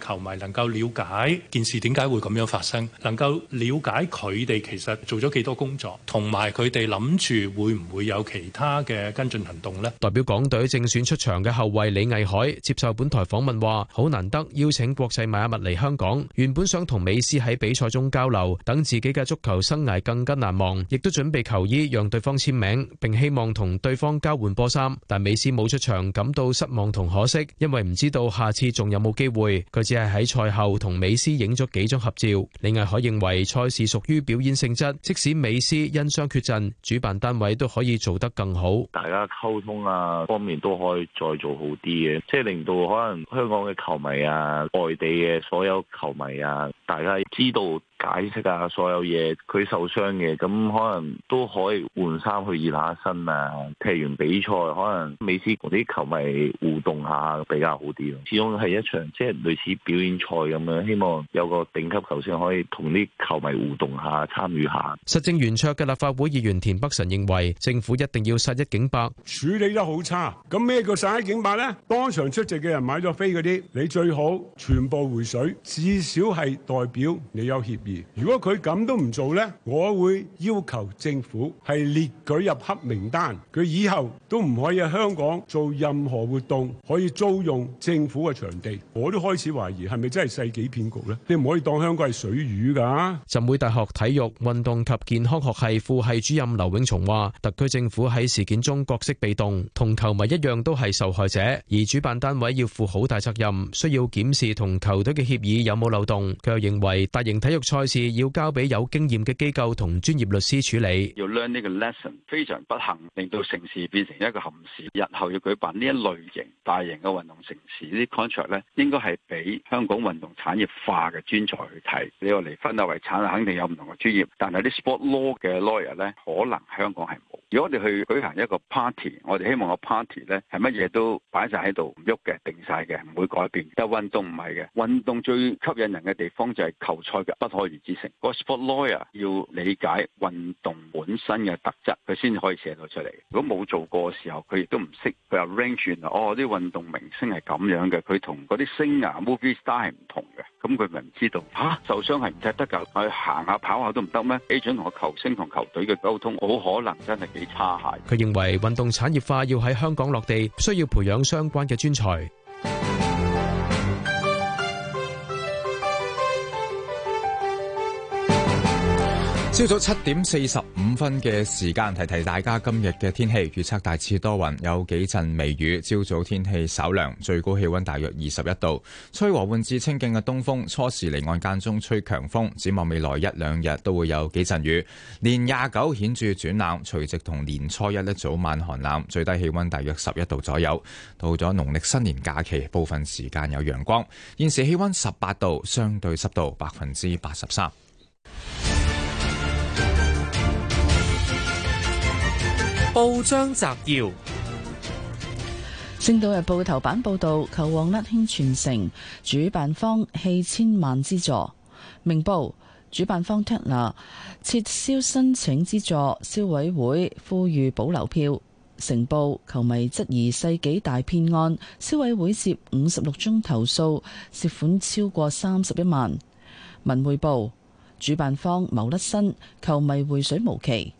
球迷能夠了解件事點解會咁樣發生，能夠了解佢哋其實做咗幾多工作，同埋佢哋諗住會唔會有其他嘅跟進行動咧？代表港隊正選出場嘅後衞李毅海接受本台訪問話，好難得邀請國際邁阿密嚟香港，原本想同美斯喺比賽中交流，等自己嘅足球生涯更加難忘，亦都準備球衣讓對方簽名，並希望同對方交換波衫。但美斯冇出場，感到失望同可惜，因為唔知道下次仲有冇機會。佢只係喺賽後同美斯影咗幾張合照。李毅海認為賽事屬於表演性質，即使美斯因傷缺陣，主辦單位都可以做得更好。大家溝通啊方面都可以再做好啲嘅，即係令到可能香港嘅球迷啊、外地嘅所有球迷啊，大家知道。解釋啊！所有嘢佢受傷嘅，咁、嗯、可能都可以換衫去熱下身啊。踢完比賽，可能美斯同啲球迷互動下比較好啲咯。始終係一場即係類似表演賽咁樣，希望有個頂級球星可以同啲球迷互動下、參與下。實政圓桌嘅立法會議員田北辰認為，政府一定要殺一儆百。處理得好差，咁咩叫殺一儆百呢？當場出席嘅人買咗飛嗰啲，你最好全部回水，至少係代表你有協議。如果佢咁都唔做呢，我會要求政府係列舉入黑名單，佢以後都唔可以喺香港做任何活動，可以租用政府嘅場地。我都開始懷疑係咪真係世紀騙局呢？你唔可以當香港係水魚㗎啊。浸會大學體育運動及健康學系副系主任劉永松話，特區政府喺事件中角色被動，同球迷一樣都係受害者，而主辦單位要負好大責任，需要檢視同球隊嘅協議有冇漏洞。佢又認為大型體育賽事要交俾有經驗嘅機構同專業律師處理。要 learn 呢個 lesson，非常不幸，令到盛事變成一個憾事。日後要舉辦呢一類型大型嘅運動盛事啲 contract 咧，應該係俾香港運動產業化嘅專才去睇。你話離婚啊、遺產肯定有唔同嘅專業。但係啲 sport law 嘅 lawyer 咧，可能香港係冇。如果我哋去舉行一個 party，我哋希望個 party 咧係乜嘢都擺晒喺度唔喐嘅，定晒嘅，唔會改變。但運動唔係嘅，運動最吸引人嘅地方就係球賽嘅，不可知個 sport lawyer 要理解運動本身嘅特質，佢先可以寫到出嚟。如果冇做過嘅時候，佢亦都唔識。佢話 range 啊，哦啲運動明星係咁樣嘅，佢同嗰啲星啊、movie star 係唔同嘅。咁佢咪唔知道吓？受傷係唔踢得㗎，去行下跑下都唔得咩？agent 同個球星同球隊嘅溝通，好可能真係幾差下。佢認為運動產業化要喺香港落地，需要培養相關嘅專才。朝早七點四十五分嘅時間，提提大家今日嘅天氣預測，大致多雲，有幾陣微雨。朝早天氣稍涼，最高氣溫大約二十一度，吹和緩至清勁嘅東風。初時離岸間中吹強風，展望未來一兩日都會有幾陣雨。年廿九顯著轉冷，除夕同年初一呢早晚寒冷，最低氣溫大約十一度左右。到咗農曆新年假期，部分時間有陽光。現時氣溫十八度，相對濕度百分之八十三。報章摘要，《星島日報》頭版報道：球王甩興全城，主辦方棄千萬資助。《明報》主辦方 Tatler 撤銷申請資助，消委會呼籲保留票。《成報》球迷質疑世紀大騙案，消委會接五十六宗投訴，涉款超過三十一萬。《文匯報》主辦方謀甩身，球迷回水無期。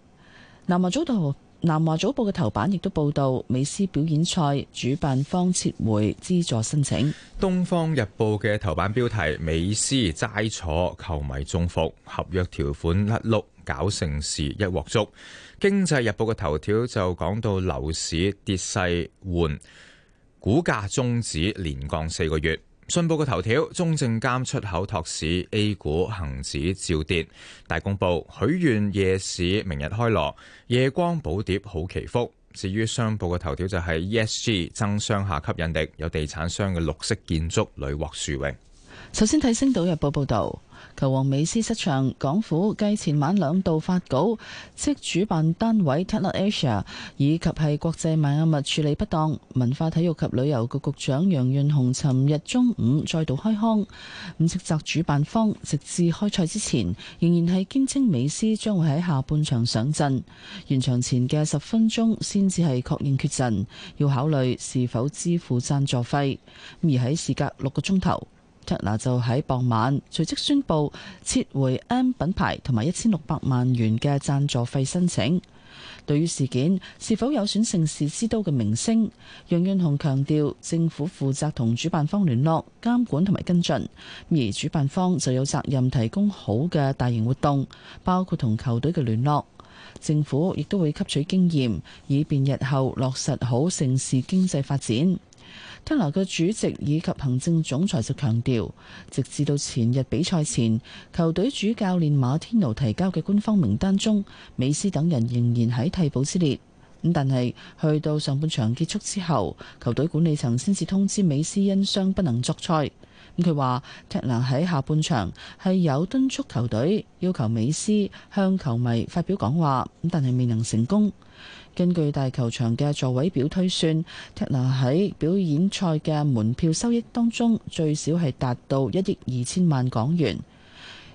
南華早報。南華早報嘅頭版亦都報道美斯表演賽主辦方撤回資助申請。東方日報嘅頭版標題：美斯齋坐，球迷中伏，合約條款甩碌，搞盛事一鑊粥。經濟日報嘅頭條就講到樓市跌勢緩，股價中止連降四個月。信報嘅頭條：中證監出口托市，A 股恒指照跌。大公報：許願夜市明日開鑼，夜光寶碟好祈福。至於商報嘅頭條就係 ESG 增商下吸引力，有地產商嘅綠色建築屢獲殊榮。首先睇《星島日報》報道。球王美斯失場，港府繼前晚兩度發稿，即主辦單位 Tatler Asia 以及係國際邁阿密處理不當。文化體育及旅遊局局，局長楊潤雄尋日中午再度開腔，唔斥責主辦方，直至開賽之前仍然係堅稱美斯將會喺下半場上陣。完場前嘅十分鐘先至係確認缺陣，要考慮是否支付贊助費。而喺事隔六個鐘頭。特就喺傍晚隨即宣布撤回 M 品牌同埋一千六百萬元嘅贊助費申請。對於事件是否有損盛事之都嘅名聲，楊潤雄強調政府負責同主辦方聯絡監管同埋跟進，而主辦方就有責任提供好嘅大型活動，包括同球隊嘅聯絡。政府亦都會吸取經驗，以便日後落實好盛事經濟發展。塔拉嘅主席以及行政總裁就強調，直至到前日比賽前，球隊主教練馬天奴提交嘅官方名單中，美斯等人仍然喺替補之列。咁但係去到上半場結束之後，球隊管理層先至通知美斯因傷不能作賽。咁佢話，塔拉喺下半場係有敦促球隊要求美斯向球迷發表講話，咁但係未能成功。根據大球場嘅座位表推算，Taylor 喺表演賽嘅門票收益當中最少係達到一億二千萬港元。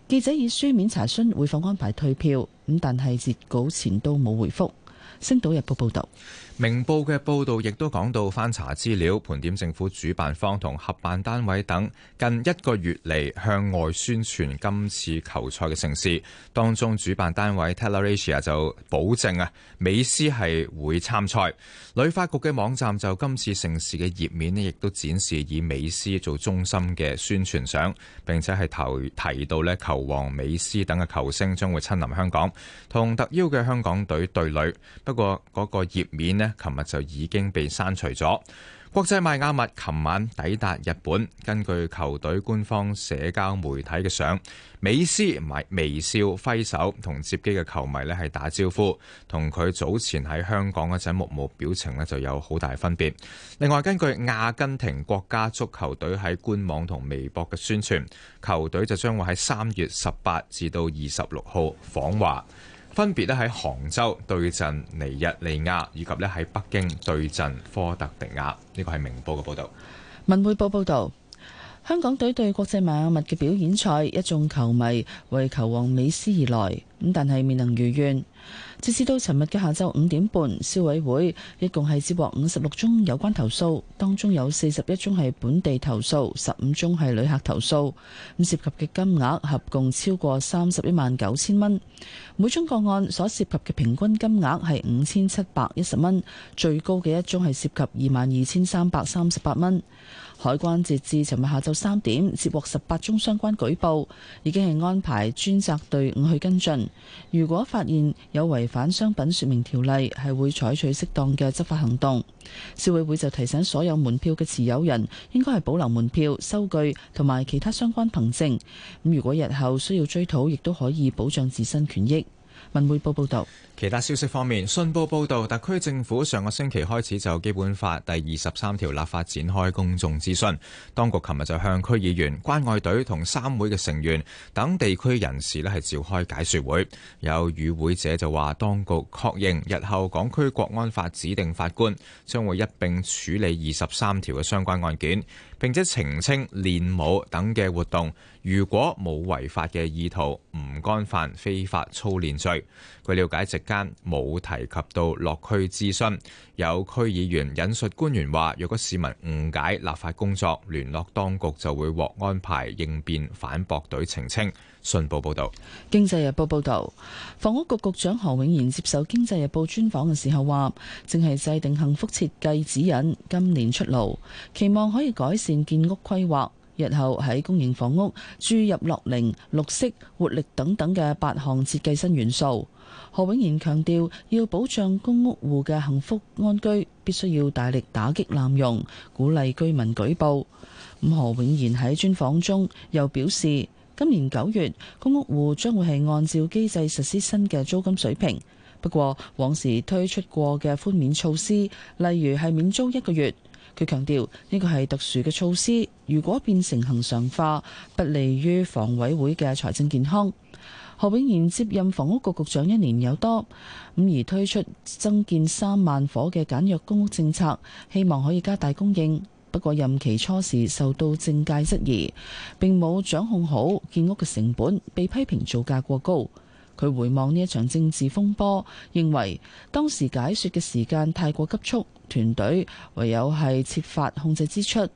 記者以書面查詢會否安排退票，咁但係截稿前都冇回覆。星島日報報道。明報嘅報道亦都講到翻查資料，盤點政府主辦方同合辦單位等近一個月嚟，向外宣傳今次球賽嘅城市。當中主辦單位 Tatler Asia 就保證啊，美斯係會參賽。旅發局嘅網站就今次城市嘅頁面咧，亦都展示以美斯做中心嘅宣傳相，并且係提提到咧，球王美斯等嘅球星將會親臨香港，同特邀嘅香港隊對壘，不過嗰個頁面咧。琴日就已經被刪除咗。國際邁阿密，琴晚抵達日本。根據球隊官方社交媒體嘅相，美斯咪微笑揮手同接機嘅球迷咧係打招呼，同佢早前喺香港嗰陣木無表情咧就有好大分別。另外，根據阿根廷國家足球隊喺官網同微博嘅宣傳，球隊就將會喺三月十八至到二十六號訪華。分別咧喺杭州對陣尼日利亞，以及咧喺北京對陣科特迪瓦。呢個係明報嘅報導。文匯報報導，香港隊對國際邁阿密嘅表演賽，一眾球迷為球王美斯而來，咁但係未能如願。截至到尋日嘅下晝五點半，消委會一共係接獲五十六宗有關投訴，當中有四十一宗係本地投訴，十五宗係旅客投訴。咁涉及嘅金額合共超過三十一萬九千蚊，每宗個案所涉及嘅平均金額係五千七百一十蚊，5, 10, 最高嘅一宗係涉及二萬二千三百三十八蚊。海關截至尋日下晝三點，接獲十八宗相關舉報，已經係安排專責隊伍去跟進。如果發現有違反商品說明條例，係會採取適當嘅執法行動。消委會就提醒所有門票嘅持有人，應該係保留門票、收據同埋其他相關憑證。咁如果日後需要追討，亦都可以保障自身權益。文匯報報道，其他消息方面，信報報道，特區政府上個星期開始就《基本法》第二十三條立法展開公眾諮詢。當局琴日就向區議員、關愛隊同三會嘅成員等地區人士咧係召開解說會。有與會者就話，當局確認日後港區國安法指定法官將會一併處理二十三條嘅相關案件。並且澄清練武等嘅活動，如果冇違法嘅意圖，唔干犯非法操練罪。據了解，席間冇提及到落區諮詢，有區議員引述官員話：若果市民誤解立法工作，聯絡當局就會獲安排應變反駁隊澄清。信報報導，《經濟日報》報導，房屋局局長何永賢接受《經濟日報》專訪嘅時候話，正係制定幸福設計指引，今年出爐，期望可以改善建屋規劃，日後喺公營房屋注入樂齡、綠色、活力等等嘅八項設計新元素。何永賢強調，要保障公屋戶嘅幸福安居，必須要大力打擊濫用，鼓勵居民舉報。咁何永賢喺專訪中又表示。今年九月，公屋戶將會係按照機制實施新嘅租金水平。不過往時推出過嘅寬免措施，例如係免租一個月，佢強調呢個係特殊嘅措施，如果變成恒常化，不利於房委會嘅財政健康。何永賢接任房屋局局長一年有多，咁而推出增建三萬伙嘅簡約公屋政策，希望可以加大供應。不過任期初時受到政界質疑，並冇掌控好建屋嘅成本，被批評造價過高。佢回望呢一場政治風波，認為當時解說嘅時間太過急促，團隊唯有係設法控制支出。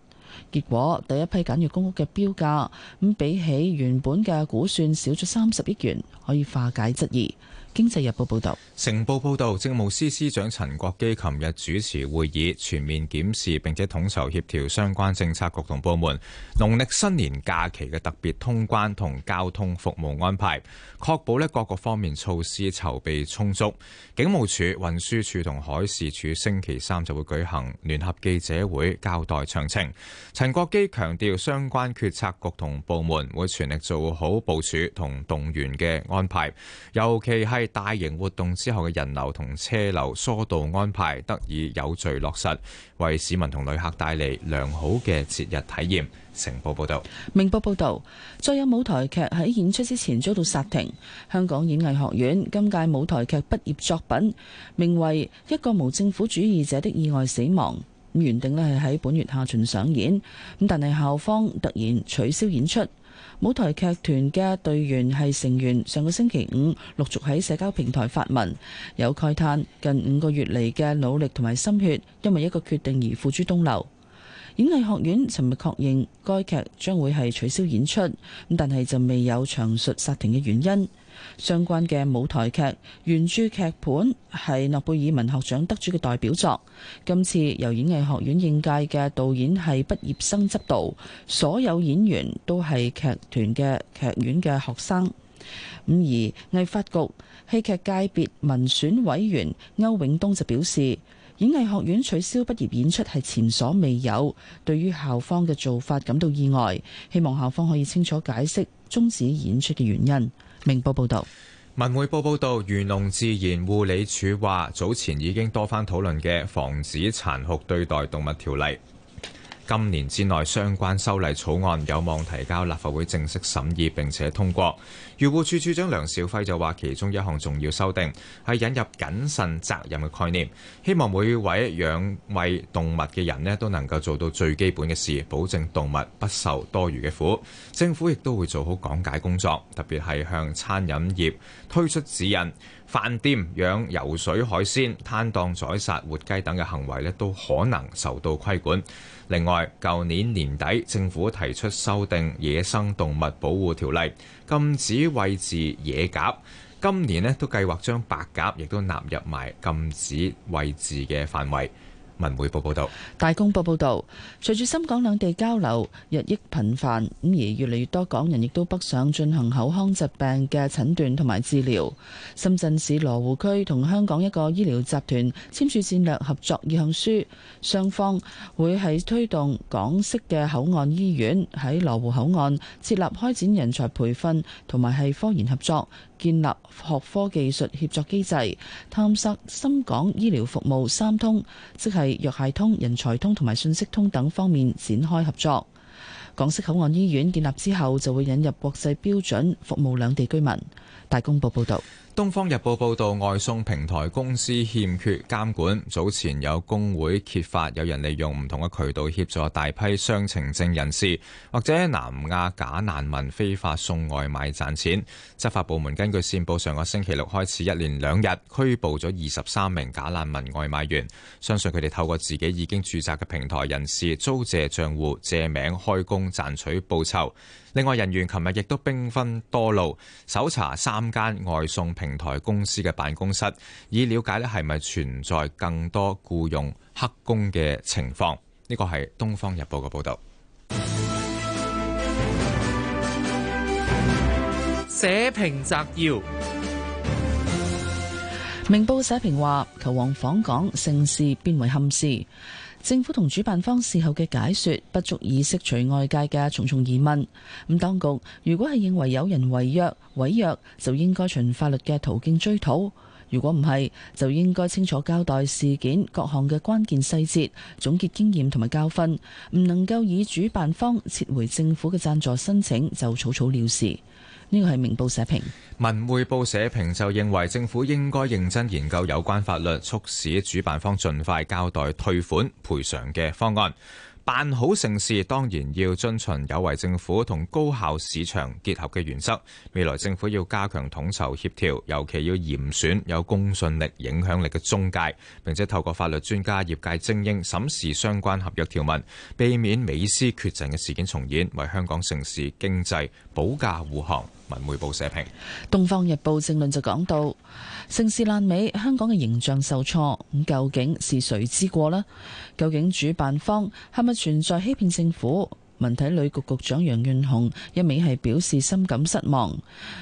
結果第一批簡約公屋嘅標價咁比起原本嘅估算少咗三十億元，可以化解質疑。經濟日報報道，成報報道，政務司司長陳國基琴日主持會議，全面檢視並且統籌協調相關政策局同部門農曆新年假期嘅特別通關同交通服務安排，確保咧各個方面措施籌備充足。警務處、運輸署同海事處星期三就會舉行聯合記者會，交代詳情。陳國基強調，相關決策局同部門會全力做好部署同動員嘅安排，尤其係。大型活動之後嘅人流同車流疏導安排得以有序落實，為市民同旅客帶嚟良好嘅節日體驗。成報報道，明報報道，再有舞台劇喺演出之前遭到煞停。香港演藝學院今屆舞台劇畢業作品名為《一個無政府主義者的意外死亡》，原定咧係喺本月下旬上演，咁但係校方突然取消演出。舞台劇團嘅隊員係成員，上個星期五陸續喺社交平台發文，有慨嘆近五個月嚟嘅努力同埋心血，因為一個決定而付諸東流。演藝學院尋日確認，該劇將會係取消演出，但係就未有詳述煞停嘅原因。相關嘅舞台劇原著劇本係諾貝爾文學獎得主嘅代表作。今次由演藝學院應屆嘅導演係畢業生執導，所有演員都係劇團嘅劇院嘅學生。咁而藝發局戲劇界別民選委員歐永東就表示，演藝學院取消畢業演出係前所未有，對於校方嘅做法感到意外，希望校方可以清楚解釋終止演出嘅原因。明報報道，文匯報報道，漁農自然護理署話，早前已經多番討論嘅防止殘酷對待動物條例，今年之內相關修例草案有望提交立法會正式審議，並且通過。漁護署署長梁肇輝就話，其中一項重要修訂係引入謹慎責任嘅概念，希望每位養餵動物嘅人呢都能夠做到最基本嘅事，保證動物不受多餘嘅苦。政府亦都會做好講解工作，特別係向餐飲業推出指引。飯店養游水海鮮、攤檔宰殺活雞等嘅行為咧，都可能受到規管。另外，舊年年底政府提出修訂《野生動物保護條例》，禁止餵飼野鴿。今年咧都計劃將白鴿亦都納入埋禁止餵飼嘅範圍。文匯報報道，大公報報道，隨住深港兩地交流日益頻繁，咁而越嚟越多港人亦都北上進行口腔疾病嘅診斷同埋治療。深圳市羅湖區同香港一個醫療集團簽署戰略合作意向書，雙方會係推動港式嘅口岸醫院喺羅湖口岸設立，開展人才培訓同埋係科研合作。建立學科技術協作機制，探索深港醫療服務三通，即係藥械通、人才通同埋信息通等方面展開合作。港式口岸醫院建立之後，就會引入國際標準，服務兩地居民。大公報報導。《東方日報》報道，外送平台公司欠缺監管。早前有工會揭發，有人利用唔同嘅渠道協助大批雙程證人士，或者南亞假難民非法送外賣賺錢。執法部門根據線報，上個星期六開始一連兩日拘捕咗二十三名假難民外賣員。相信佢哋透過自己已經註冊嘅平台人士租借賬戶，借名開工賺取報酬。另外，人員琴日亦都兵分多路，搜查三間外送平台公司嘅辦公室，以了解咧係咪存在更多僱用黑工嘅情況。呢、這個係《東方日報》嘅報導。社評摘要：明報社評話，球王訪港，盛事變為憾事。政府同主辦方事後嘅解說不足以釋除外界嘅重重疑問。咁當局如果係認為有人違約、毀約就應該循法律嘅途徑追討；如果唔係，就應該清楚交代事件各項嘅關鍵細節，總結經驗同埋教訓，唔能夠以主辦方撤回政府嘅贊助申請就草草了事。呢個係明報社評，文匯報社評就認為政府應該認真研究有關法律，促使主辦方盡快交代退款賠償嘅方案。辦好盛事當然要遵循有為政府同高效市場結合嘅原則。未來政府要加強統籌協調，尤其要嚴選有公信力、影響力嘅中介，並且透過法律專家、業界精英審視相關合約條文，避免美斯缺陣嘅事件重演，為香港盛事經濟保駕護航。文匯報社評，《東方日報》正論就講到，盛事爛尾，香港嘅形象受挫，咁究竟是誰之過呢？究竟主辦方係咪存在欺騙政府？文體旅局局長楊潤雄一味係表示深感失望，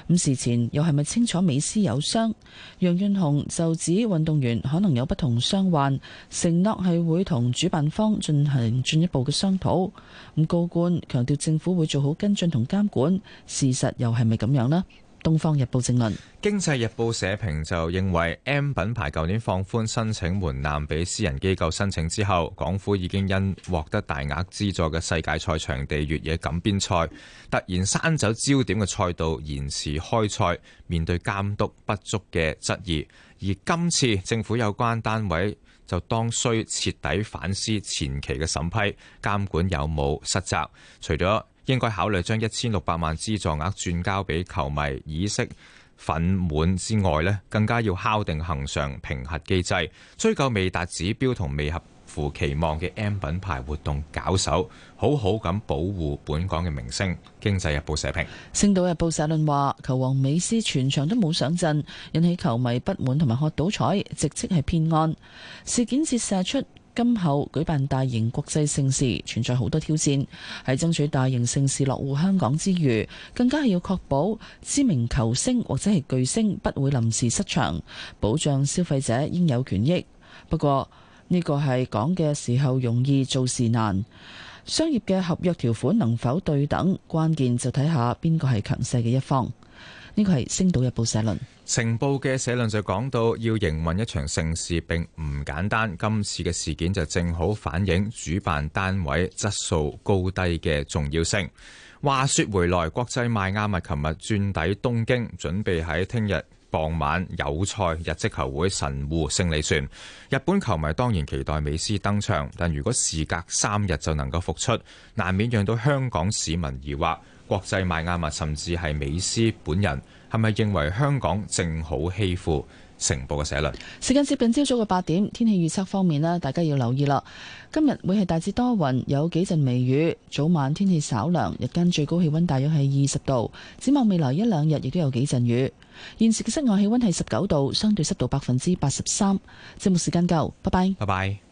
咁事前又係咪清楚美斯有傷？楊潤雄就指運動員可能有不同傷患，承諾係會同主辦方進行進一步嘅商討。咁高官強調政府會做好跟進同監管，事實又係咪咁樣呢？《東方日報》政論，《經濟日報》社評就認為，M 品牌舊年放寬申請門檻俾私人機構申請之後，港府已經因獲得大額資助嘅世界賽場地越野錦標賽，突然刪走焦點嘅賽道，延遲開賽，面對監督不足嘅質疑。而今次政府有關單位就當需徹底反思前期嘅審批監管有冇失責，除咗應該考慮將一千六百萬資助額轉交俾球迷，以釋憤滿之外呢，更加要敲定恒常評核機制，追究未達指標同未合乎期望嘅 M 品牌活動搞手，好好咁保護本港嘅明星。經濟日報社評，星島日報社論話：球王美斯全場都冇上陣，引起球迷不滿同埋喝倒彩，直即係騙案事件折射出。今後舉辦大型國際盛事存在好多挑戰，喺爭取大型盛事落戶香港之餘，更加係要確保知名球星或者係巨星不會臨時失場，保障消費者應有權益。不過呢個係講嘅時候容易做事難，商業嘅合約條款能否對等，關鍵就睇下邊個係強勢嘅一方。呢個係《星島日報社論》情報社論，成報嘅社論就講到，要營運一場盛事並唔簡單。今次嘅事件就正好反映主辦單位質素高低嘅重要性。話說回來，國際邁阿密琴日轉抵東京，準備喺聽日傍晚友賽日職球會神戶勝利船。日本球迷當然期待美斯登場，但如果時隔三日就能夠復出，難免讓到香港市民疑惑。國際邁阿密，甚至係美斯本人，係咪認為香港正好欺負成報嘅社論？時間接近朝早嘅八點，天氣預測方面咧，大家要留意啦。今日會係大致多雲，有幾陣微雨，早晚天氣稍涼，日間最高氣溫大約係二十度。展望未來一兩日，亦都有幾陣雨。現時嘅室外氣溫係十九度，相對濕度百分之八十三。節目時間夠，拜拜。拜拜。